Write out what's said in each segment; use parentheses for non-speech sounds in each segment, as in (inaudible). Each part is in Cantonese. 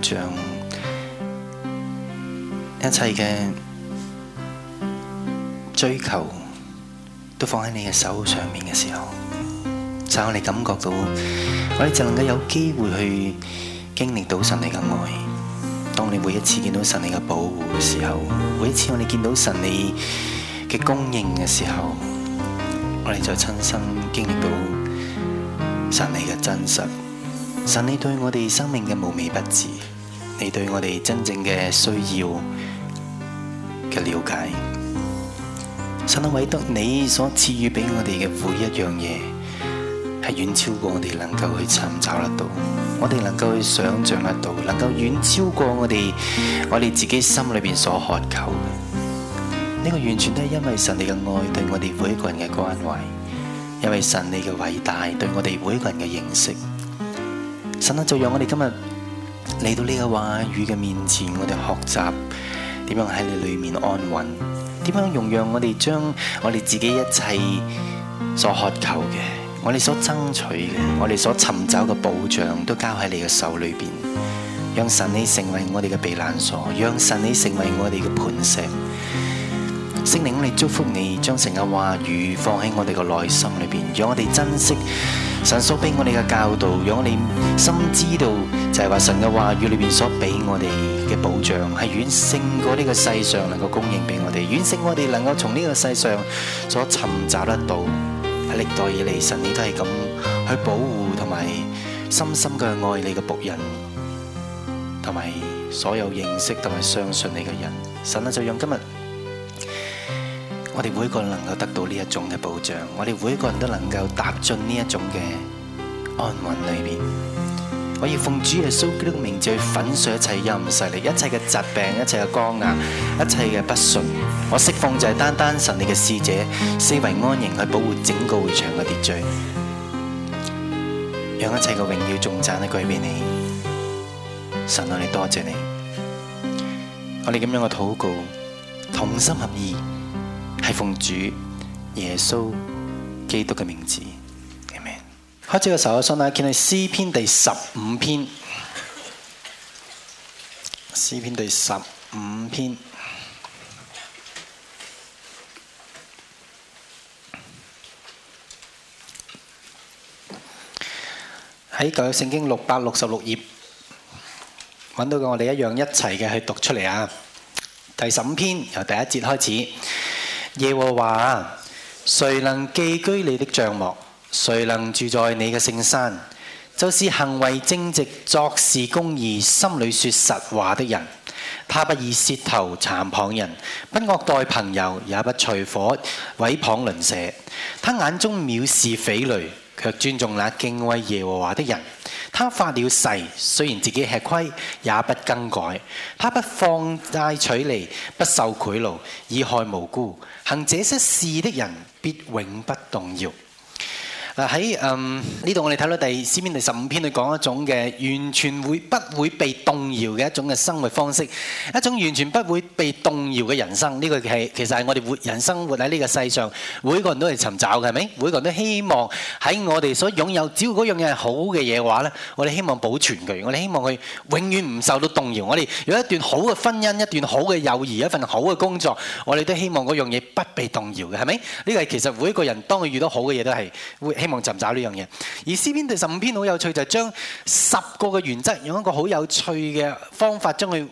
將一切嘅追求都放喺你嘅手上面嘅時候，就我哋感覺到，我哋就能夠有機會去經歷到神你嘅愛。當你每一次見到神你嘅保護嘅時候，每一次我哋見到神你嘅供應嘅時候，我哋就親身經歷到神你嘅真實，神你對我哋生命嘅無微不至。你對我哋真正嘅需要嘅了解，神啊，唯獨，你所賜予俾我哋嘅每一樣嘢，係遠超過我哋能夠去尋找得到，我哋能夠去想象得到，能夠遠超過我哋我哋自己心裏邊所渴求嘅。呢個完全都係因為神你嘅愛對我哋每一個人嘅關懷，因為神你嘅偉大對我哋每一個人嘅認識。神啊，就讓我哋今日。嚟到呢個話語嘅面前，我哋學習點樣喺你裏面安穩，點樣容讓我哋將我哋自己一切所渴求嘅，我哋所爭取嘅，我哋所尋找嘅保障，都交喺你嘅手裏邊，讓神你成為我哋嘅避難所，讓神你成為我哋嘅磐石。聖靈，我哋祝福你，將成個話語放喺我哋嘅內心裏邊，讓我哋珍惜。神所畀我哋嘅教導，讓我哋深知道，就係話神嘅話語裏邊所畀我哋嘅保障，係遠勝過呢個世上能夠供應畀我哋，遠勝過我哋能夠從呢個世上所尋找得到。喺歷代以嚟，神你都係咁去保護同埋深深嘅愛你嘅僕人，同埋所有認識同埋相信你嘅人。神啊，就讓今日。我哋每個人都能夠得到呢一種嘅保障，我哋每個人都能夠踏進呢一種嘅安穩裏面。我要奉主耶穌基督嘅名字去粉碎一切陰勢力，一切嘅疾病，一切嘅光暗，一切嘅不順。我釋放就係單單神你嘅使者，四圍安營去保護整個會場嘅秩序，讓一切嘅榮耀、頌讚都歸俾你。神啊，愛你，多謝你！我哋咁樣嘅禱告，同心合意。係奉主耶穌基督嘅名字 amen。開始嘅時候我信啦，見係詩篇第十五篇，詩篇第十五篇喺舊約聖經六百六十六頁揾到嘅，我哋一樣一齊嘅去讀出嚟啊！第十五篇由第一節開始。耶和華啊，誰能寄居你的帳幕？誰能住在你嘅聖山？就是行為正直、作事公義、心裏說實話的人。他不以舌頭讒謗人，不惡待朋友，也不隨夥毀謗鄰舍。他眼中藐視匪類，卻尊重那敬畏耶和華的人。他發了誓，雖然自己吃虧，也不更改。他不放債取利，不受賄賂，以害無辜。行這些事的人，必永不動搖。喺嗯呢度，我哋睇到詩篇第十五篇，佢講一種嘅完全會不會被動搖嘅一種嘅生活方式，一種完全不會被動搖嘅人生。呢個係其實係我哋活人生活喺呢個世上，每個人都係尋找嘅，係咪？每個人都希望喺我哋所擁有，只要嗰樣嘢係好嘅嘢嘅話咧，我哋希望保存佢，我哋希望佢永遠唔受到動搖。我哋有一段好嘅婚姻，一段好嘅友誼，一份好嘅工作，我哋都希望嗰樣嘢不被動搖嘅，係咪？呢個係其實每一個人當佢遇到好嘅嘢都係會希希望尋找呢樣嘢，而《詩篇》第十五篇好有趣，就將十個嘅原則用一個好有趣嘅方法將佢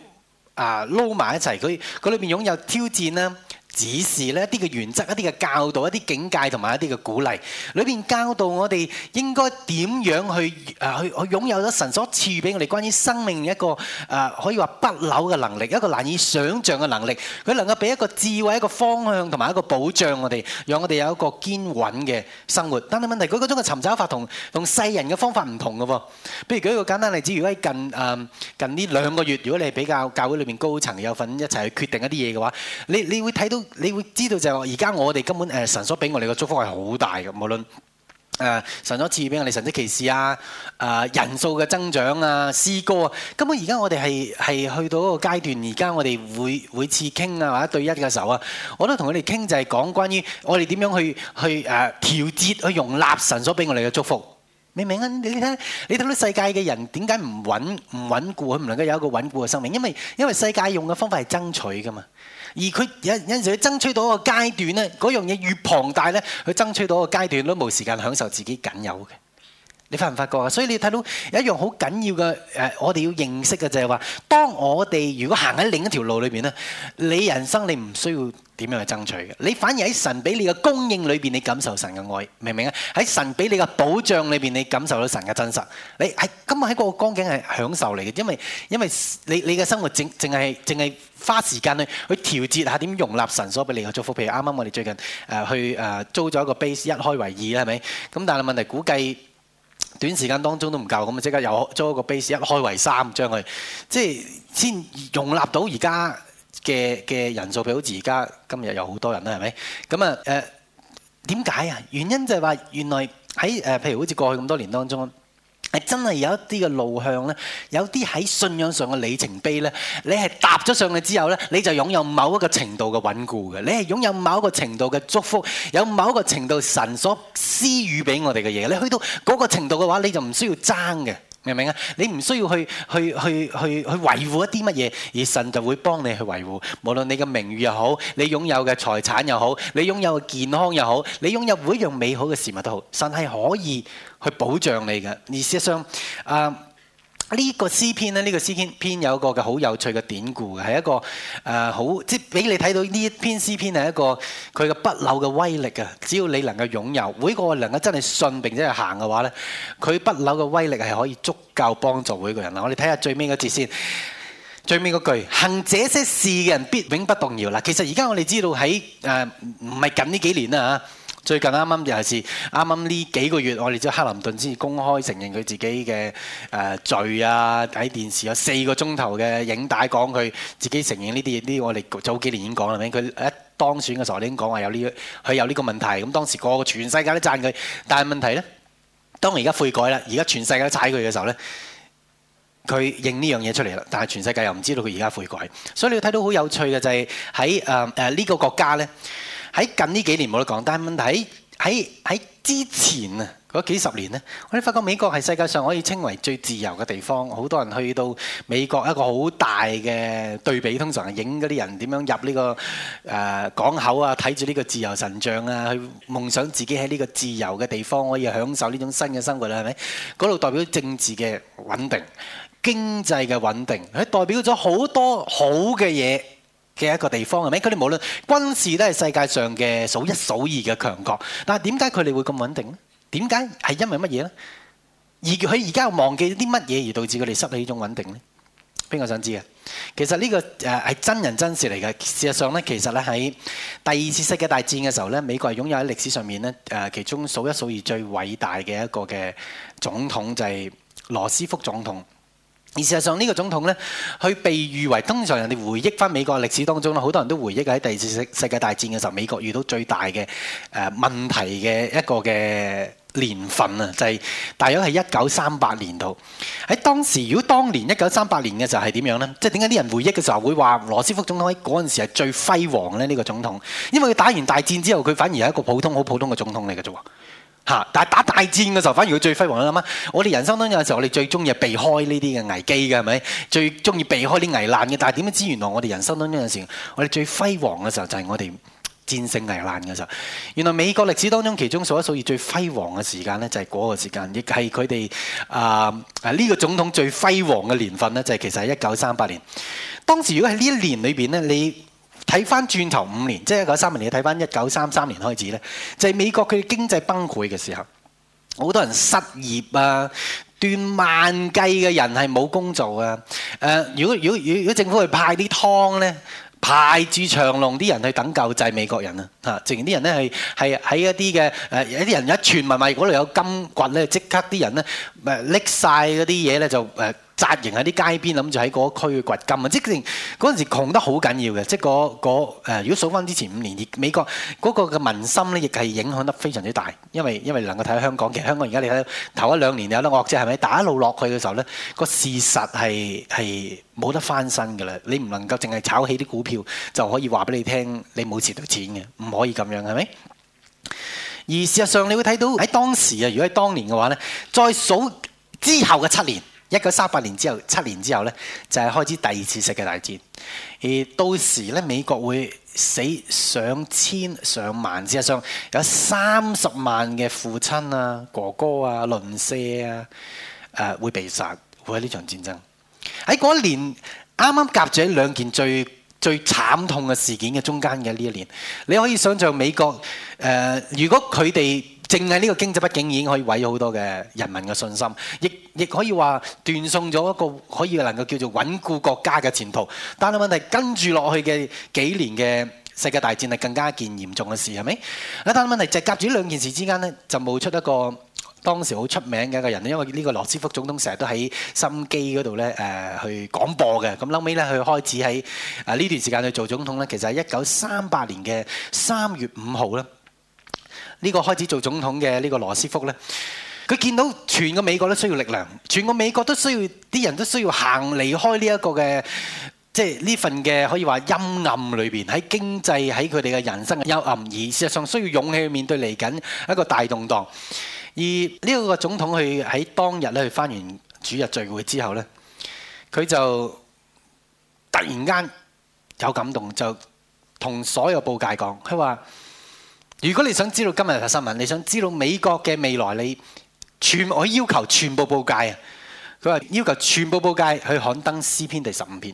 啊撈埋一齊，佢嗰裏邊擁有挑戰啦。指示呢一啲嘅原則，一啲嘅教導，一啲境界同埋一啲嘅鼓勵，裏邊教導我哋應該點樣去誒去去擁有咗神所賜俾我哋關於生命一個誒可以話不朽嘅能力，一個難以想像嘅能力。佢能夠俾一個智慧、一個方向同埋一個保障我哋，讓我哋有一個堅穩嘅生活。但係問題，佢嗰種嘅尋找法同同世人嘅方法唔同嘅喎。譬如舉一個簡單例子，例如喺近誒近呢兩個月，如果你係比較教會裏邊高層有份一齊去決定一啲嘢嘅話，你你會睇到。你會知道就係話，而家我哋根本誒神所俾我哋嘅祝福係好大嘅，無論誒神所賜俾我哋神跡奇事啊，誒、呃、人數嘅增長啊，詩歌啊，根本而家我哋係係去到一個階段，而家我哋會每，每次傾啊，或者一對一嘅時候啊，我都同佢哋傾就係講關於我哋點樣去去誒、啊、調節去容納神所俾我哋嘅祝福，明唔明啊？你睇，你睇到世界嘅人點解唔穩唔穩固，佢唔能夠有一個穩固嘅生命，因為因為世界用嘅方法係爭取噶嘛。而佢有有陣時佢爭取到一個階段咧，嗰樣嘢越龐大咧，佢爭取到個階段都冇時間享受自己僅有嘅。你發唔發覺啊？所以你睇到有一樣好緊要嘅，誒，我哋要認識嘅就係話，當我哋如果行喺另一條路裏邊咧，你人生你唔需要點樣去爭取嘅，你反而喺神俾你嘅供應裏邊，你感受神嘅愛，明唔明啊？喺神俾你嘅保障裏邊，你感受到神嘅真實。你喺今日喺嗰個光景係享受嚟嘅，因為因為你你嘅生活淨淨係淨係花時間去去調節下點容納神所俾你嘅祝福。譬如啱啱我哋最近誒去誒租咗一個 base，一開為二啦，係咪？咁但係問題估計。短時間當中都唔夠，咁啊即刻又將個 base 一開為三，將佢即係先容納到而家嘅嘅人數，呃呃，譬如好似而家今日有好多人啦，係咪？咁啊誒點解呀？原因就係話原來喺譬如好似過去咁多年當中。係真係有一啲嘅路向咧，有啲喺信仰上嘅里程碑，你係踏咗上去之後，你就擁有某一個程度嘅穩固，你係擁有某一個程度嘅祝福，有某一個程度神所施予俾我哋嘅嘢，你去到嗰個程度嘅話，你就唔需要爭嘅。明唔明啊？你唔需要去去去去去維護一啲乜嘢，而神就會幫你去維護。無論你嘅名譽又好，你擁有嘅財產又好，你擁有嘅健康又好，你擁有每一樣美好嘅事物都好，神係可以去保障你嘅。而事實上，誒、呃。呢個詩篇呢，呢、這個詩篇有一個嘅好有趣嘅典故嘅，係一個誒好、呃，即係俾你睇到呢一篇詩篇係一個佢嘅不朽嘅威力啊。只要你能夠擁有，每一個能夠真係信並且行嘅話呢，佢不朽嘅威力係可以足夠幫助每個人啦。我哋睇下最尾嗰節先，最尾嗰句：行這些事嘅人必永不動搖啦。其實而家我哋知道喺誒唔係近呢幾年啦嚇。最近啱啱尤其是啱啱呢幾個月，我哋知道克林頓先至公開承認佢自己嘅誒、呃、罪啊，喺電視有四個鐘頭嘅影帶講佢自己承認呢啲嘢。呢我哋早幾年已經講啦，佢一當選嘅時候已經講話有呢、這個，佢有呢個問題。咁當時個個全世界都讚佢，但係問題呢，當佢而家悔改啦，而家全世界都踩佢嘅時候呢，佢認呢樣嘢出嚟啦。但係全世界又唔知道佢而家悔改，所以你要睇到好有趣嘅就係喺誒誒呢個國家呢。喺近呢幾年冇得講，但係問題喺喺之前啊嗰幾十年呢，我哋發覺美國係世界上可以稱為最自由嘅地方，好多人去到美國一個好大嘅對比，通常係影嗰啲人點樣入呢個誒港口啊，睇住呢個自由神像啊，去夢想自己喺呢個自由嘅地方可以享受呢種新嘅生活啦，係咪？嗰度代表政治嘅穩定、經濟嘅穩定，佢代表咗好多好嘅嘢。嘅一個地方係咪？佢哋無論軍事都係世界上嘅數一數二嘅強國，但係點解佢哋會咁穩定咧？點解係因為乜嘢呢？而佢而家又忘記啲乜嘢而導致佢哋失去呢種穩定呢？邊個想知嘅？其實呢個誒係真人真事嚟嘅。事實上咧，其實咧喺第二次世界大戰嘅時候咧，美國係擁有喺歷史上面咧誒其中數一數二最偉大嘅一個嘅總統就係羅斯福總統。而事實上呢個總統呢，佢被譽為通常人哋回憶返美國歷史當中咧，好多人都回憶喺第二次世界大戰嘅時候，美國遇到最大嘅誒、呃、問題嘅一個嘅年份啊，就係、是、大約係一九三八年度。喺當時，如果當年一九三八年嘅時候係點樣呢？即係點解啲人回憶嘅時候會話羅斯福總統喺嗰陣時係最輝煌呢？呢、這個總統，因為佢打完大戰之後，佢反而係一個普通好普通嘅總統嚟嘅啫喎。嚇！但係打大戰嘅時候，反而佢最輝煌。你諗下，我哋人生當中有時候，我哋最中意係避開呢啲嘅危機嘅，係咪？最中意避開啲危難嘅。但係點樣知？原來，我哋人生當中有時候，我哋最輝煌嘅時候就係我哋戰勝危難嘅時候。原來美國歷史當中，其中數一數二最輝煌嘅時間咧，就係嗰個時間，亦係佢哋啊啊呢個總統最輝煌嘅年份咧，就係其實係一九三八年。當時如果喺呢一年裏邊咧，你。睇翻轉頭五年，即係一九三零年，睇翻一九三三年開始咧，就係、是、美國佢經濟崩潰嘅時候，好多人失業啊，斷萬計嘅人係冇工做啊。誒、呃，如果如果如果政府去派啲湯咧，排住長龍啲人去等救濟美國人啊。嚇，自然啲人咧係係喺一啲嘅誒，有啲人一傳聞話嗰度有金棍咧，即刻啲人咧咪拎晒嗰啲嘢咧就誒。啊紮營喺啲街邊，諗住喺嗰區掘金，即係嗰陣時窮得好緊要嘅。即係嗰嗰誒，如果數翻之前五年，美國嗰個嘅民心咧，亦係影響得非常之大。因為因為能夠睇香港，其實香港而家你睇頭一兩年有得惡啫，係咪？打一路落去嘅時候咧，個事實係係冇得翻身㗎喇。你唔能夠淨係炒起啲股票就可以話俾你聽，你冇蝕到錢嘅，唔可以咁樣，係咪？而事實上，你會睇到喺當時啊，如果喺當年嘅話咧，再數之後嘅七年。一九三八年之後，七年之後咧，就係、是、開始第二次世界大戰。而到時咧，美國會死上千上萬，事實上有三十萬嘅父親啊、哥哥啊、鄰舍啊，誒、啊、會被殺。會喺呢場戰爭喺嗰年，啱啱夾住喺兩件最最慘痛嘅事件嘅中間嘅呢一年，你可以想像美國誒、呃，如果佢哋。淨係呢個經濟不景已經可以毀咗好多嘅人民嘅信心，亦亦可以話斷送咗一個可以能夠叫做穩固國家嘅前途。但係問題跟住落去嘅幾年嘅世界大戰係更加一件嚴重嘅事，係咪？啊，但係問題就係夾住兩件事之間咧，就冒出一個當時好出名嘅一個人，因為呢個羅斯福總統成日都喺收音機嗰度咧，誒去廣播嘅。咁後尾咧，佢開始喺啊呢段時間去做總統咧，其實係一九三八年嘅三月五號啦。呢個開始做總統嘅呢個羅斯福呢，佢見到全個美國都需要力量，全個美國都需要啲人都需要行離開呢一個嘅，即係呢份嘅可以話陰暗裏邊，喺經濟喺佢哋嘅人生嘅陰暗，而事實上需要勇氣去面對嚟緊一個大動盪。而呢一個總統去喺當日咧去返完主日聚會之後呢，佢就突然間有感動，就同所有報界講，佢話。如果你想知道今日嘅新聞，你想知道美國嘅未來，你全我要求全部報界啊！佢話要求全部報界去刊登詩篇第十五篇，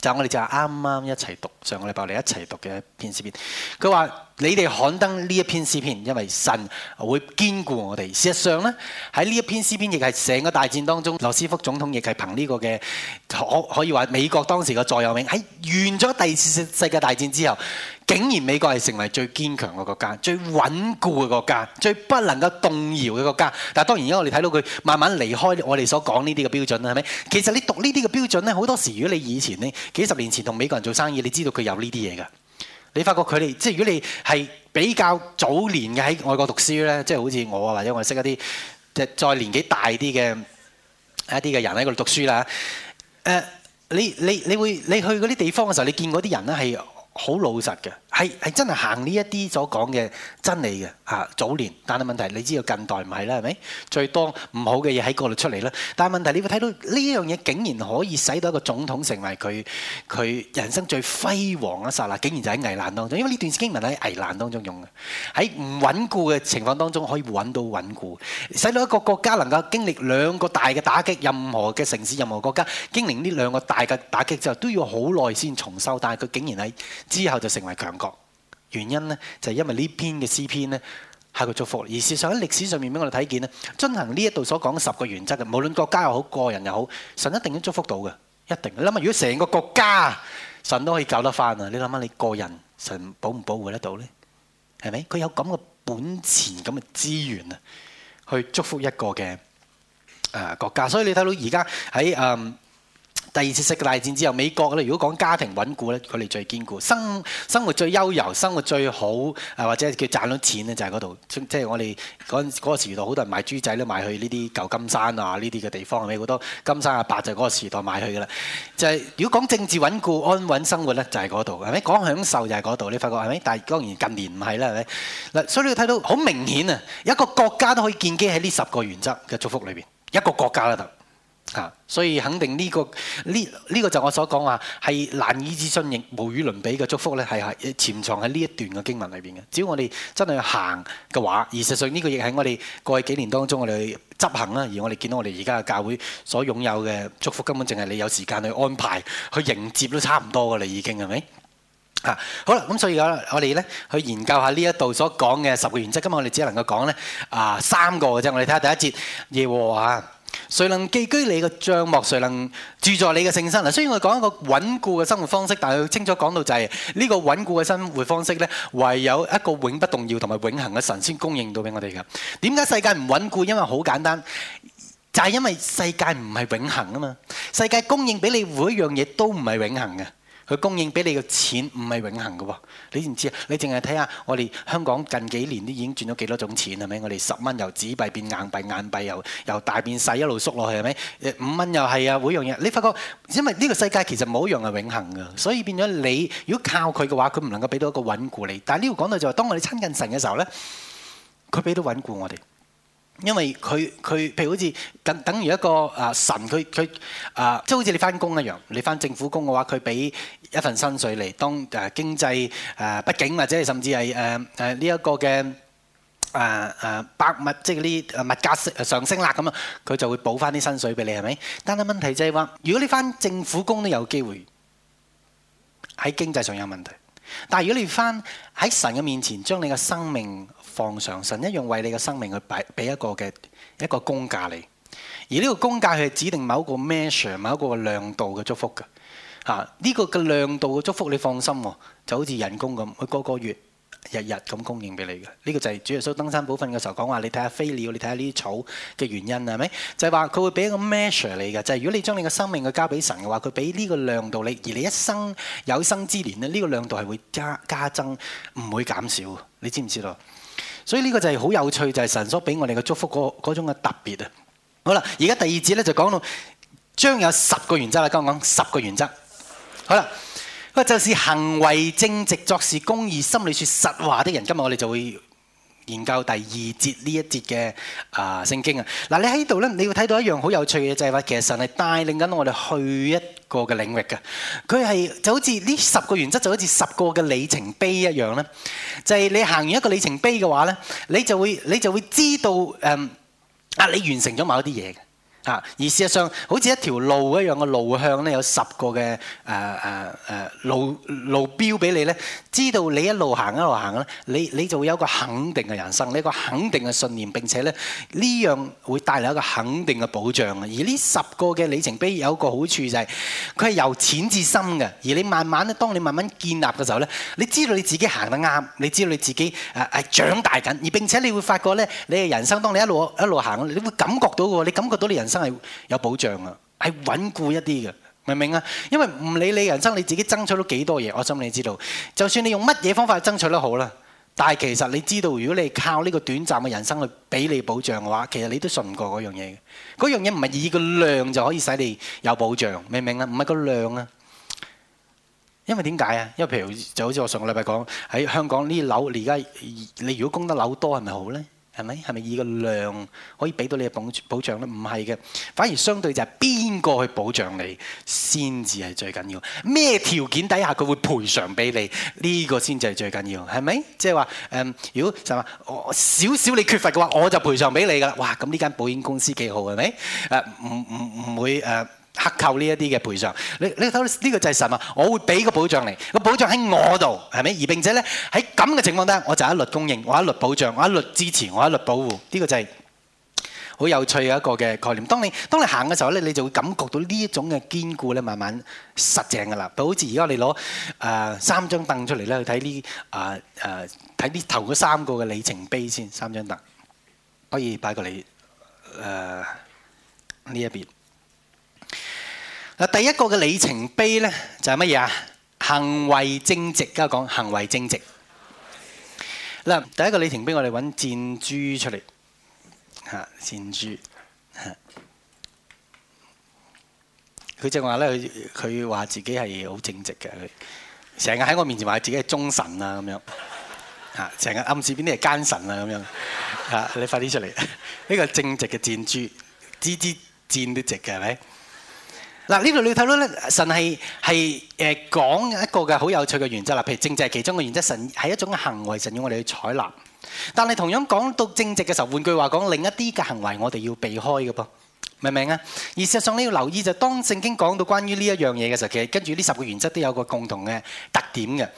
就是、我哋就啱啱一齊讀上個禮拜，我哋一齊讀嘅篇詩篇。佢話。你哋刊登呢一篇詩篇，因為神會堅固我哋。事實上呢，喺呢一篇詩篇亦係成個大戰當中，羅斯福總統亦係憑呢個嘅可可以話美國當時嘅座右銘。喺完咗第二次世界大戰之後，竟然美國係成為最堅強嘅國家、最穩固嘅國家、最不能夠動搖嘅國家。但係當然，而家我哋睇到佢慢慢離開我哋所講呢啲嘅標準啦，係咪？其實你讀呢啲嘅標準呢，好多時如果你以前呢，幾十年前同美國人做生意，你知道佢有呢啲嘢㗎。你發覺佢哋，即係如果你係比較早年嘅喺外國讀書咧，即係好似我或者我識一啲即再年紀大啲嘅一啲嘅人喺嗰度讀書啦，呃，你，你，你會你去嗰啲地方嘅時候，你見嗰啲人呢係。好老實嘅，係係真係行呢一啲所講嘅真理嘅嚇、啊。早年，但係問題是你知道近代唔係啦，係咪？最多唔好嘅嘢喺過度出嚟啦。但係問題是你會睇到呢樣嘢，竟然可以使到一個總統成為佢佢人生最輝煌一剎那！竟然就喺危難當中，因為呢段經文咪喺危難當中用嘅，喺唔穩固嘅情況當中可以揾到穩固，使到一個國家能夠經歷兩個大嘅打擊。任何嘅城市，任何國家經歷呢兩個大嘅打擊之後，都要好耐先重修。但係佢竟然喺……之後就成為強國，原因呢就係、是、因為呢篇嘅詩篇呢係個祝福，而事實上喺歷史上面俾我哋睇見咧，進行呢一度所講嘅十個原則嘅，無論國家又好，個人又好，神一定都祝福到嘅，一定。你諗下，如果成個國家，神都可以救得翻啊！你諗下，你個人神保唔保護得到呢？係咪？佢有咁嘅本錢、咁嘅資源啊，去祝福一個嘅誒、呃、國家。所以你睇到而家喺誒。呃第二次世界大戰之後，美國咧如果講家庭穩固咧，佢哋最堅固，生生活最悠遊，生活最好，誒或者叫賺到錢咧就係嗰度，即係我哋嗰陣嗰個時代，好多人賣豬仔都賣去呢啲舊金山啊，呢啲嘅地方，係咪？好多金山阿伯就係嗰個時代賣去噶啦。就係如果講政治穩固、安穩生活咧，就係嗰度，係咪？講享受就係嗰度，你發覺係咪？但係當然近年唔係啦，係咪？嗱，所以你睇到好明顯啊，一個國家都可以建基喺呢十個原則嘅祝福裏邊，一個國家都得。啊！所以肯定呢個呢呢個就我所講話係難以置信亦無與倫比嘅祝福咧，係係潛藏喺呢一段嘅經文裏邊嘅。只要我哋真係去行嘅話，而實際呢個亦係我哋過去幾年當中我哋去執行啦。而我哋見到我哋而家嘅教會所擁有嘅祝福，根本淨係你有時間去安排去迎接都差唔多噶啦，已經係咪？啊，好啦，咁所以我哋咧去研究下呢一度所講嘅十個原則。今日我哋只能夠講咧啊三個嘅啫。我哋睇下第一節耶和華。誰能寄居你嘅帳幕？誰能住在你嘅聖山啊？雖然我講一個穩固嘅生活方式，但係要清楚講到就係呢個穩固嘅生活方式咧，唯有一個永不動搖同埋永恆嘅神先供應到俾我哋嘅。點解世界唔穩固？因為好簡單，就係因為世界唔係永恆啊嘛。世界供應俾你每一樣嘢都唔係永恆嘅。佢供應俾你嘅錢唔係永恆嘅喎，你知唔知啊？你淨係睇下我哋香港近幾年都已經轉咗幾多種錢係咪？我哋十蚊由紙幣變硬幣，硬幣又由，由大變細一路縮落去係咪？誒五蚊又係啊，每樣嘢你發覺，因為呢個世界其實冇一樣係永恆嘅，所以變咗你如果靠佢嘅話，佢唔能夠俾到一個穩固你。但係呢度講到就係、是、當我哋親近神嘅時候咧，佢俾到穩固我哋，因為佢佢譬如好似等等於一個啊、呃、神，佢佢啊即係好似你返工一樣，你返政府工嘅話，佢俾。一份薪水嚟，當誒經濟誒不景，或者甚至係誒誒呢一個嘅誒誒百物，即係呢誒物價上升啦咁啊，佢就會補翻啲薪水俾你係咪？但係問題就係、是、話，如果你翻政府工都有機會喺經濟上有問題，但係如果你翻喺神嘅面前將你嘅生命放上，神一樣為你嘅生命去擺俾一個嘅一個工價嚟。而呢個工價係指定某一個 measure、某一個量度嘅祝福㗎。嚇！呢個嘅量度嘅祝福，你放心喎，就好似人工咁，佢個個月、日日咁供應俾你嘅。呢個就係主耶穌登山寶訓嘅時候講話，你睇下飛鳥，你睇下呢啲草嘅原因係咪？就係話佢會俾一個 measure 你嘅，就係如果你將你嘅生命去交俾神嘅話，佢俾呢個量度你，而你一生有生之年咧，呢個量度係會加加增，唔會減少。你知唔知道？所以呢個就係好有趣，就係神所俾我哋嘅祝福嗰種嘅特別啊！好啦，而家第二節咧就講到將有十個原則啦，今日講十個原則。好啦，嗱，就是行為正直、作事公義、心裏說實話的人。今日我哋就會研究第二節呢一節嘅啊、呃、聖經啊。嗱、呃，你喺呢度呢，你要睇到一樣好有趣嘅就係、是、話其實神係帶領緊我哋去一個嘅領域嘅。佢係就好似呢十個原則，就好似十個嘅里程碑一樣呢就係、是、你行完一個里程碑嘅話呢，你就會你就會知道誒、嗯、啊，你完成咗某啲嘢啊！而事實上，好似一條路一樣嘅路向咧，有十個嘅、呃呃、路路標俾你咧，知道你一路行一路行咧，你你就會有一個肯定嘅人生，你有一個肯定嘅信念，並且咧呢樣會帶嚟一個肯定嘅保障。而呢十個嘅里程碑有一個好處就係、是，佢係由淺至深嘅。而你慢慢咧，當你慢慢建立嘅時候咧，你知道你自己行得啱，你知道你自己誒、呃、長大緊，而並且你會發覺咧，你嘅人生當你一路一路行，你會感覺到喎，你感覺到你人生，真係有保障啊，係穩固一啲嘅，明唔明啊？因為唔理你人生，你自己爭取咗幾多嘢，我心裏知道。就算你用乜嘢方法爭取都好啦，但係其實你知道，如果你靠呢個短暫嘅人生去俾你保障嘅話，其實你都信唔過嗰樣嘢。嗰樣嘢唔係以個量就可以使你有保障，明唔明啊？唔係個量啊，因為點解啊？因為譬如就好似我上個禮拜講喺香港呢樓，你而家你如果供得樓多，係咪好咧？係咪？係咪以個量可以俾到你嘅保保障咧？唔係嘅，反而相對就係邊個去保障你先至係最緊要。咩條件底下佢會賠償俾你？呢個先至係最緊要，係咪？即係話誒，如果就話我少少你缺乏嘅話，我就賠償俾你㗎喇。哇！咁呢間保險公司幾好係咪？誒，唔唔唔會誒。呃克扣呢一啲嘅賠償，你你睇呢個就係神啊！我會俾個保障嚟，個保障喺我度，係咪？而並且咧喺咁嘅情況底下，我就一律供應，我一律保障，我一律支持，我一律保護。呢個就係好有趣嘅一個嘅概念。當你當你行嘅時候咧，你就會感覺到呢一種嘅堅固咧，慢慢實淨㗎啦。就好似而家你攞誒三張凳出嚟咧，去睇呢誒誒睇呢頭嗰三個嘅里程碑先，三張凳可以擺過嚟誒呢一邊。呃這邊嗱，第一個嘅里程碑咧就係乜嘢啊？行為正直，家講行為正直。嗱，第一個里程碑，我哋揾箭豬出嚟嚇，箭、啊、豬嚇。佢正話咧，佢佢話自己係好正直嘅，成日喺我面前話自己係忠臣啊咁樣嚇，成、啊、日暗示邊啲係奸臣啊咁樣嚇，你快啲出嚟，呢、啊這個正直嘅箭豬，支支箭都直嘅係咪？嗱，呢度你睇到咧，神係係誒講一個嘅好有趣嘅原則啦。譬如正直係其中嘅原則，神係一種嘅行為，神要我哋去採納。但係同樣講到正直嘅時候，換句話講，另一啲嘅行為我哋要避開嘅噃，明唔明啊？而事實上你要留意就，當聖經講到關於呢一樣嘢嘅時候，其實跟住呢十個原則都有個共同嘅特點嘅。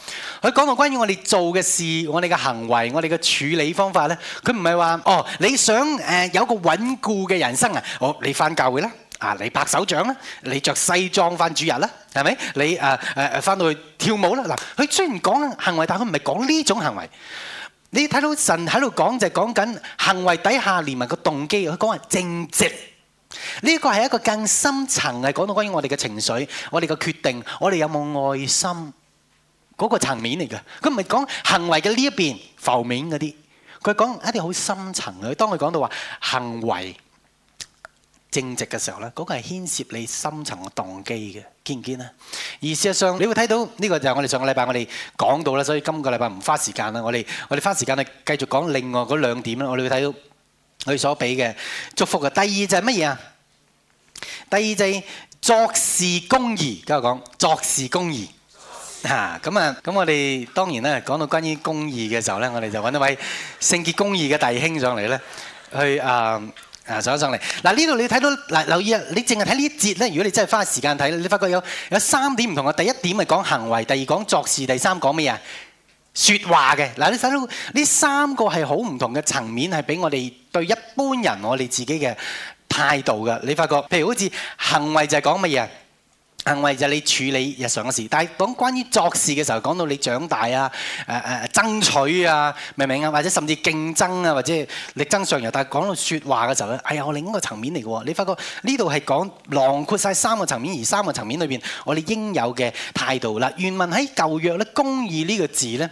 佢講到關於我哋做嘅事、我哋嘅行為、我哋嘅處理方法咧，佢唔係話哦，你想誒有個穩固嘅人生啊，我你返教會啦。啊！你拍手掌啦，你著西裝翻主日啦，係咪？你誒誒翻到去跳舞啦？嗱，佢雖然講行為，但佢唔係講呢種行為。你睇到神喺度講就係講緊行為底下連埋個動機。佢講係正直，呢個係一個更深層嘅講到關於我哋嘅情緒、我哋嘅決定、我哋有冇愛心嗰個層面嚟嘅。佢唔係講行為嘅呢一邊浮面嗰啲，佢講一啲好深層嘅。當佢講到話行為，正直嘅時候呢，嗰個係牽涉你深層嘅動機嘅，堅唔堅啊？而事實上，你會睇到呢個就係我哋上個禮拜我哋講到啦，所以今個禮拜唔花時間啦，我哋我哋花時間去繼續講另外嗰兩點啦。我哋會睇到佢所俾嘅祝福嘅。第二就係乜嘢啊？第二就係作事公義，繼續講，作事公義啊。咁啊，咁我哋當然啦講到關於公義嘅時候呢，我哋就揾一位聖潔公義嘅弟兄上嚟呢，去啊。啊，走上嚟。嗱，呢度你睇到，嗱，留意啊，你淨係睇呢一節呢。如果你真係花時間睇，你發覺有有三點唔同嘅。第一點係講行為，第二講作事，第三講乜嘢？說話嘅。嗱，你睇到呢三個係好唔同嘅層面，係俾我哋對一般人我哋自己嘅態度嘅。你發覺，譬如好似行為就係講乜嘢？行為就係你處理日常嘅事，但係講關於作事嘅時候，講到你長大啊，誒、呃、爭取啊，明唔明啊？或者甚至競爭啊，或者力爭上游。但係講到說話嘅時候呢， (music) 哎呀，我另一個層面嚟嘅喎。你發覺呢度係講囊括晒三個層面，而三個層面裏面，我哋應有嘅態度啦。原文喺舊約呢，啊、公義呢個字呢。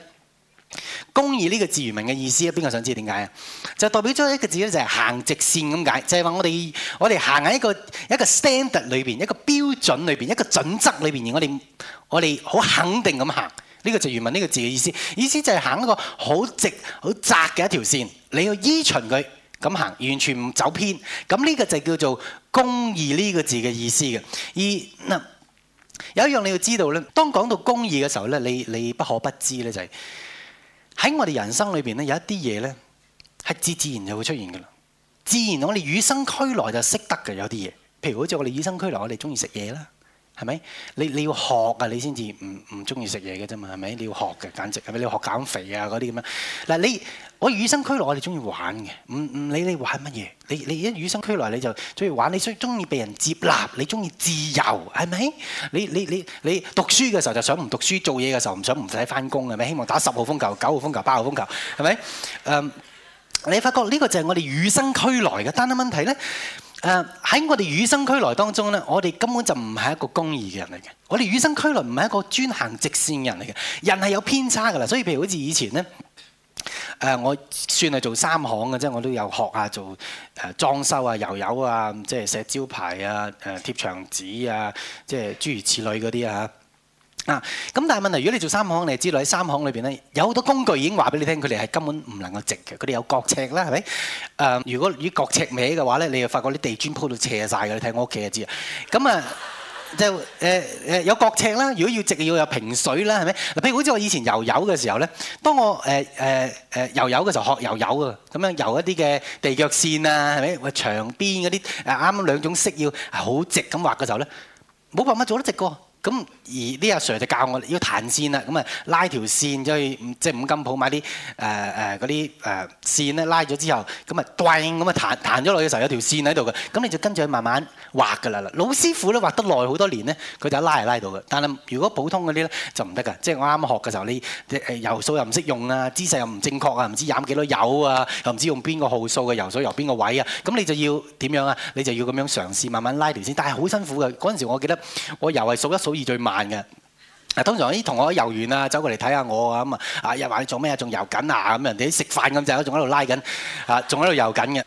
公義呢個字，原文嘅意思咧，邊個想知點解啊？就代表咗一個字咧，就係行直線咁解，就係話我哋我哋行喺一個一個 standard 裏邊，一個標準裏邊，一個準則裏邊，而我哋我哋好肯定咁行。呢個就原文呢個字嘅意思，意思就係行一個好直好窄嘅一條線，你要依循佢咁行，完全唔走偏。咁呢個就叫做公義呢個字嘅意思嘅。而嗱、呃、有一樣你要知道咧，當講到公義嘅時候咧，你你不可不知咧就係。喺我哋人生裏面有一啲嘢咧係自然就會出現㗎。自然，我哋與生俱來就識得嘅有啲嘢，譬如好似我哋與生俱來，我哋鍾意食嘢啦。係咪？你你要學啊，你先至唔唔中意食嘢嘅啫嘛，係咪？你要學嘅，簡直係咪？你要學減肥啊，嗰啲咁樣。嗱，你我與生俱來，我哋中意玩嘅，唔唔理你玩乜嘢。你你一與生俱來，你就中意玩，你中中意被人接納，你中意自由，係咪？你你你你讀書嘅時候就想唔讀書，做嘢嘅時候唔想唔使翻工，係咪？希望打十號風球、九號風球、八號風球，係咪？誒，um，你發覺呢個就係我哋與生俱來嘅，但係問題咧。誒喺我哋與生俱來當中呢，我哋根本就唔係一個公義嘅人嚟嘅。我哋與生俱來唔係一個專行直線嘅人嚟嘅。人係有偏差㗎啦。所以譬如好似以前呢，我算係做三行嘅，我都有學做裝修啊、油油啊、即係寫招牌啊、誒貼牆紙啊，即係諸如此類嗰啲啊。啊！咁但係問題，如果你做三行，你就知道喺三行裏邊咧，有好多工具已經話俾你聽，佢哋係根本唔能夠直嘅，佢哋有角尺啦，係咪？誒、呃，如果以角尺尾嘅話咧，你就發覺啲地磚鋪到斜晒嘅，你睇我屋企就知。咁啊，就誒誒、呃、有角尺啦。如果要直，要有平水啦，係咪？譬如好似我以前遊油嘅時候咧，當我誒誒誒遊油嘅時候學遊油啊，咁樣遊一啲嘅地腳線啊，係咪？或牆邊嗰啲啱啱兩種色要好直咁畫嘅時候咧，冇辦法做得直個。咁而呢阿 sir 就教我要彈線啦，咁啊拉條線，走去即係五金鋪買啲誒誒嗰啲誒線咧，拉咗之後，咁啊咁啊彈彈咗落去嘅時候有條線喺度嘅，咁你就跟住去慢慢畫㗎啦。老師傅咧畫得耐好多年咧，佢就一拉係拉到嘅。但係如果普通嗰啲咧就唔得㗎，即係我啱啱學嘅時候，你誒油數又唔識用啊，姿勢又唔正確啊，唔知飲幾多油啊，又唔知用邊個號數嘅油水由邊個位啊，咁你就要點樣啊？你就要咁樣嘗試慢慢拉條線，但係好辛苦嘅。嗰陣時我記得我油係數一數。都最慢嘅，啊通常啲同學遊完啊，走過嚟睇下我咁、嗯、啊，啊又話你做咩啊？仲遊緊啊？咁人哋食飯咁就，仲喺度拉緊啊，仲喺度遊緊嘅。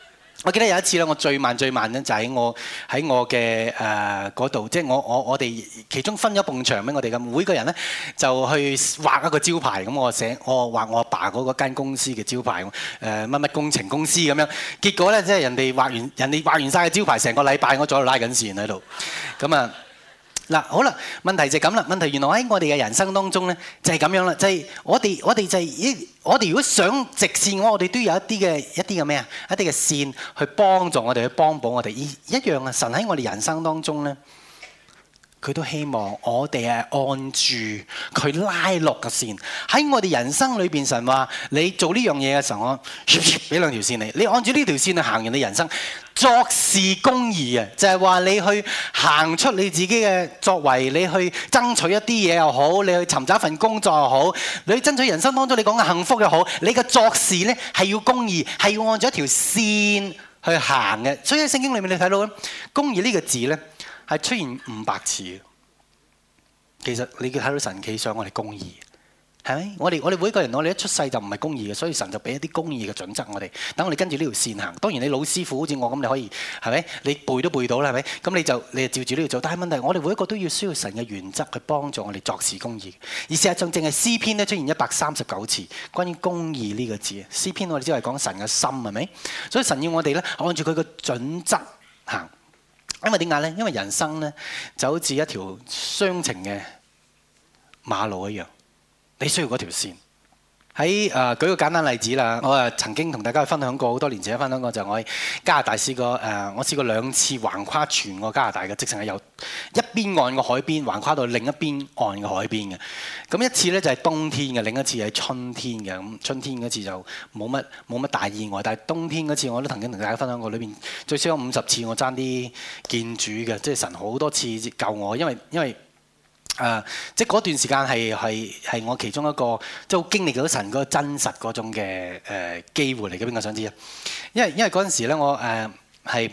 我記得有一次咧，我最慢最慢咧，就喺我喺我嘅誒嗰度，即係我我我哋其中分咗埲牆俾我哋嘅，每個人咧就去畫一個招牌咁、嗯，我寫我畫我爸嗰間公司嘅招牌，誒乜乜工程公司咁樣。結果咧，即係人哋畫完人哋畫完曬嘅招牌，成個禮拜我仲喺度拉緊線喺度，咁啊～、嗯嗱，好啦，問題就咁啦。問題原來喺我哋嘅人生當中呢，就係咁樣啦。就係我哋，我哋就係、是、我哋如果想直線嘅話，我哋都有一啲嘅一啲嘅咩？一啲嘅線去幫助我哋去幫補我哋。一樣啊，神喺我哋人生當中呢。佢都希望我哋係按住佢拉落嘅線，喺我哋人生裏邊神話。你做呢樣嘢嘅時候，我俾兩條線你，你按住呢條線去行完你人生。作事公義啊，就係話你去行出你自己嘅作為，你去爭取一啲嘢又好，你去尋找一份工作又好，你去爭取人生當中你講嘅幸福又好，你嘅作事呢，係要公義，係要按一條線去行嘅。所以喺聖經裏面你睇到公義呢個字呢，係出現五百次，其實你叫睇到神係想我哋公義，係咪？我哋我哋每一個人，我哋一出世就唔係公義嘅，所以神就俾一啲公義嘅準則我哋，等我哋跟住呢條線行。當然你老師傅好似我咁，你可以係咪？你背都背到啦，係咪？咁你就你就照住呢條做。但係問題是，我哋每一個都要需要神嘅原則去幫助我哋作事公義。而事實上，淨係詩篇呢出現一百三十九次，關於公義呢個字。詩篇我哋只係講神嘅心，係咪？所以神要我哋呢，按住佢嘅準則行。因為，點解咧？因為人生咧就好似一條雙程嘅馬路一樣，你需要這條線。喺誒舉個簡單例子啦，我誒曾經同大家分享過好多年前，分享過就我喺加拿大試過誒，我試過兩次橫跨全個加拿大嘅，直情係由一邊岸個海邊橫跨到另一邊岸嘅海邊嘅。咁一次咧就係冬天嘅，另一次係春天嘅。咁春天嗰次就冇乜冇乜大意外，但係冬天嗰次我都曾經同大家分享過，裏邊最少有五十次我爭啲見主嘅，即係神好多次救我，因為因為。啊！即係嗰段時間係係係我其中一個即係好經歷咗神個真實嗰種嘅誒、呃、機會嚟嘅，邊個想知啊？因為因為嗰陣時咧，我誒係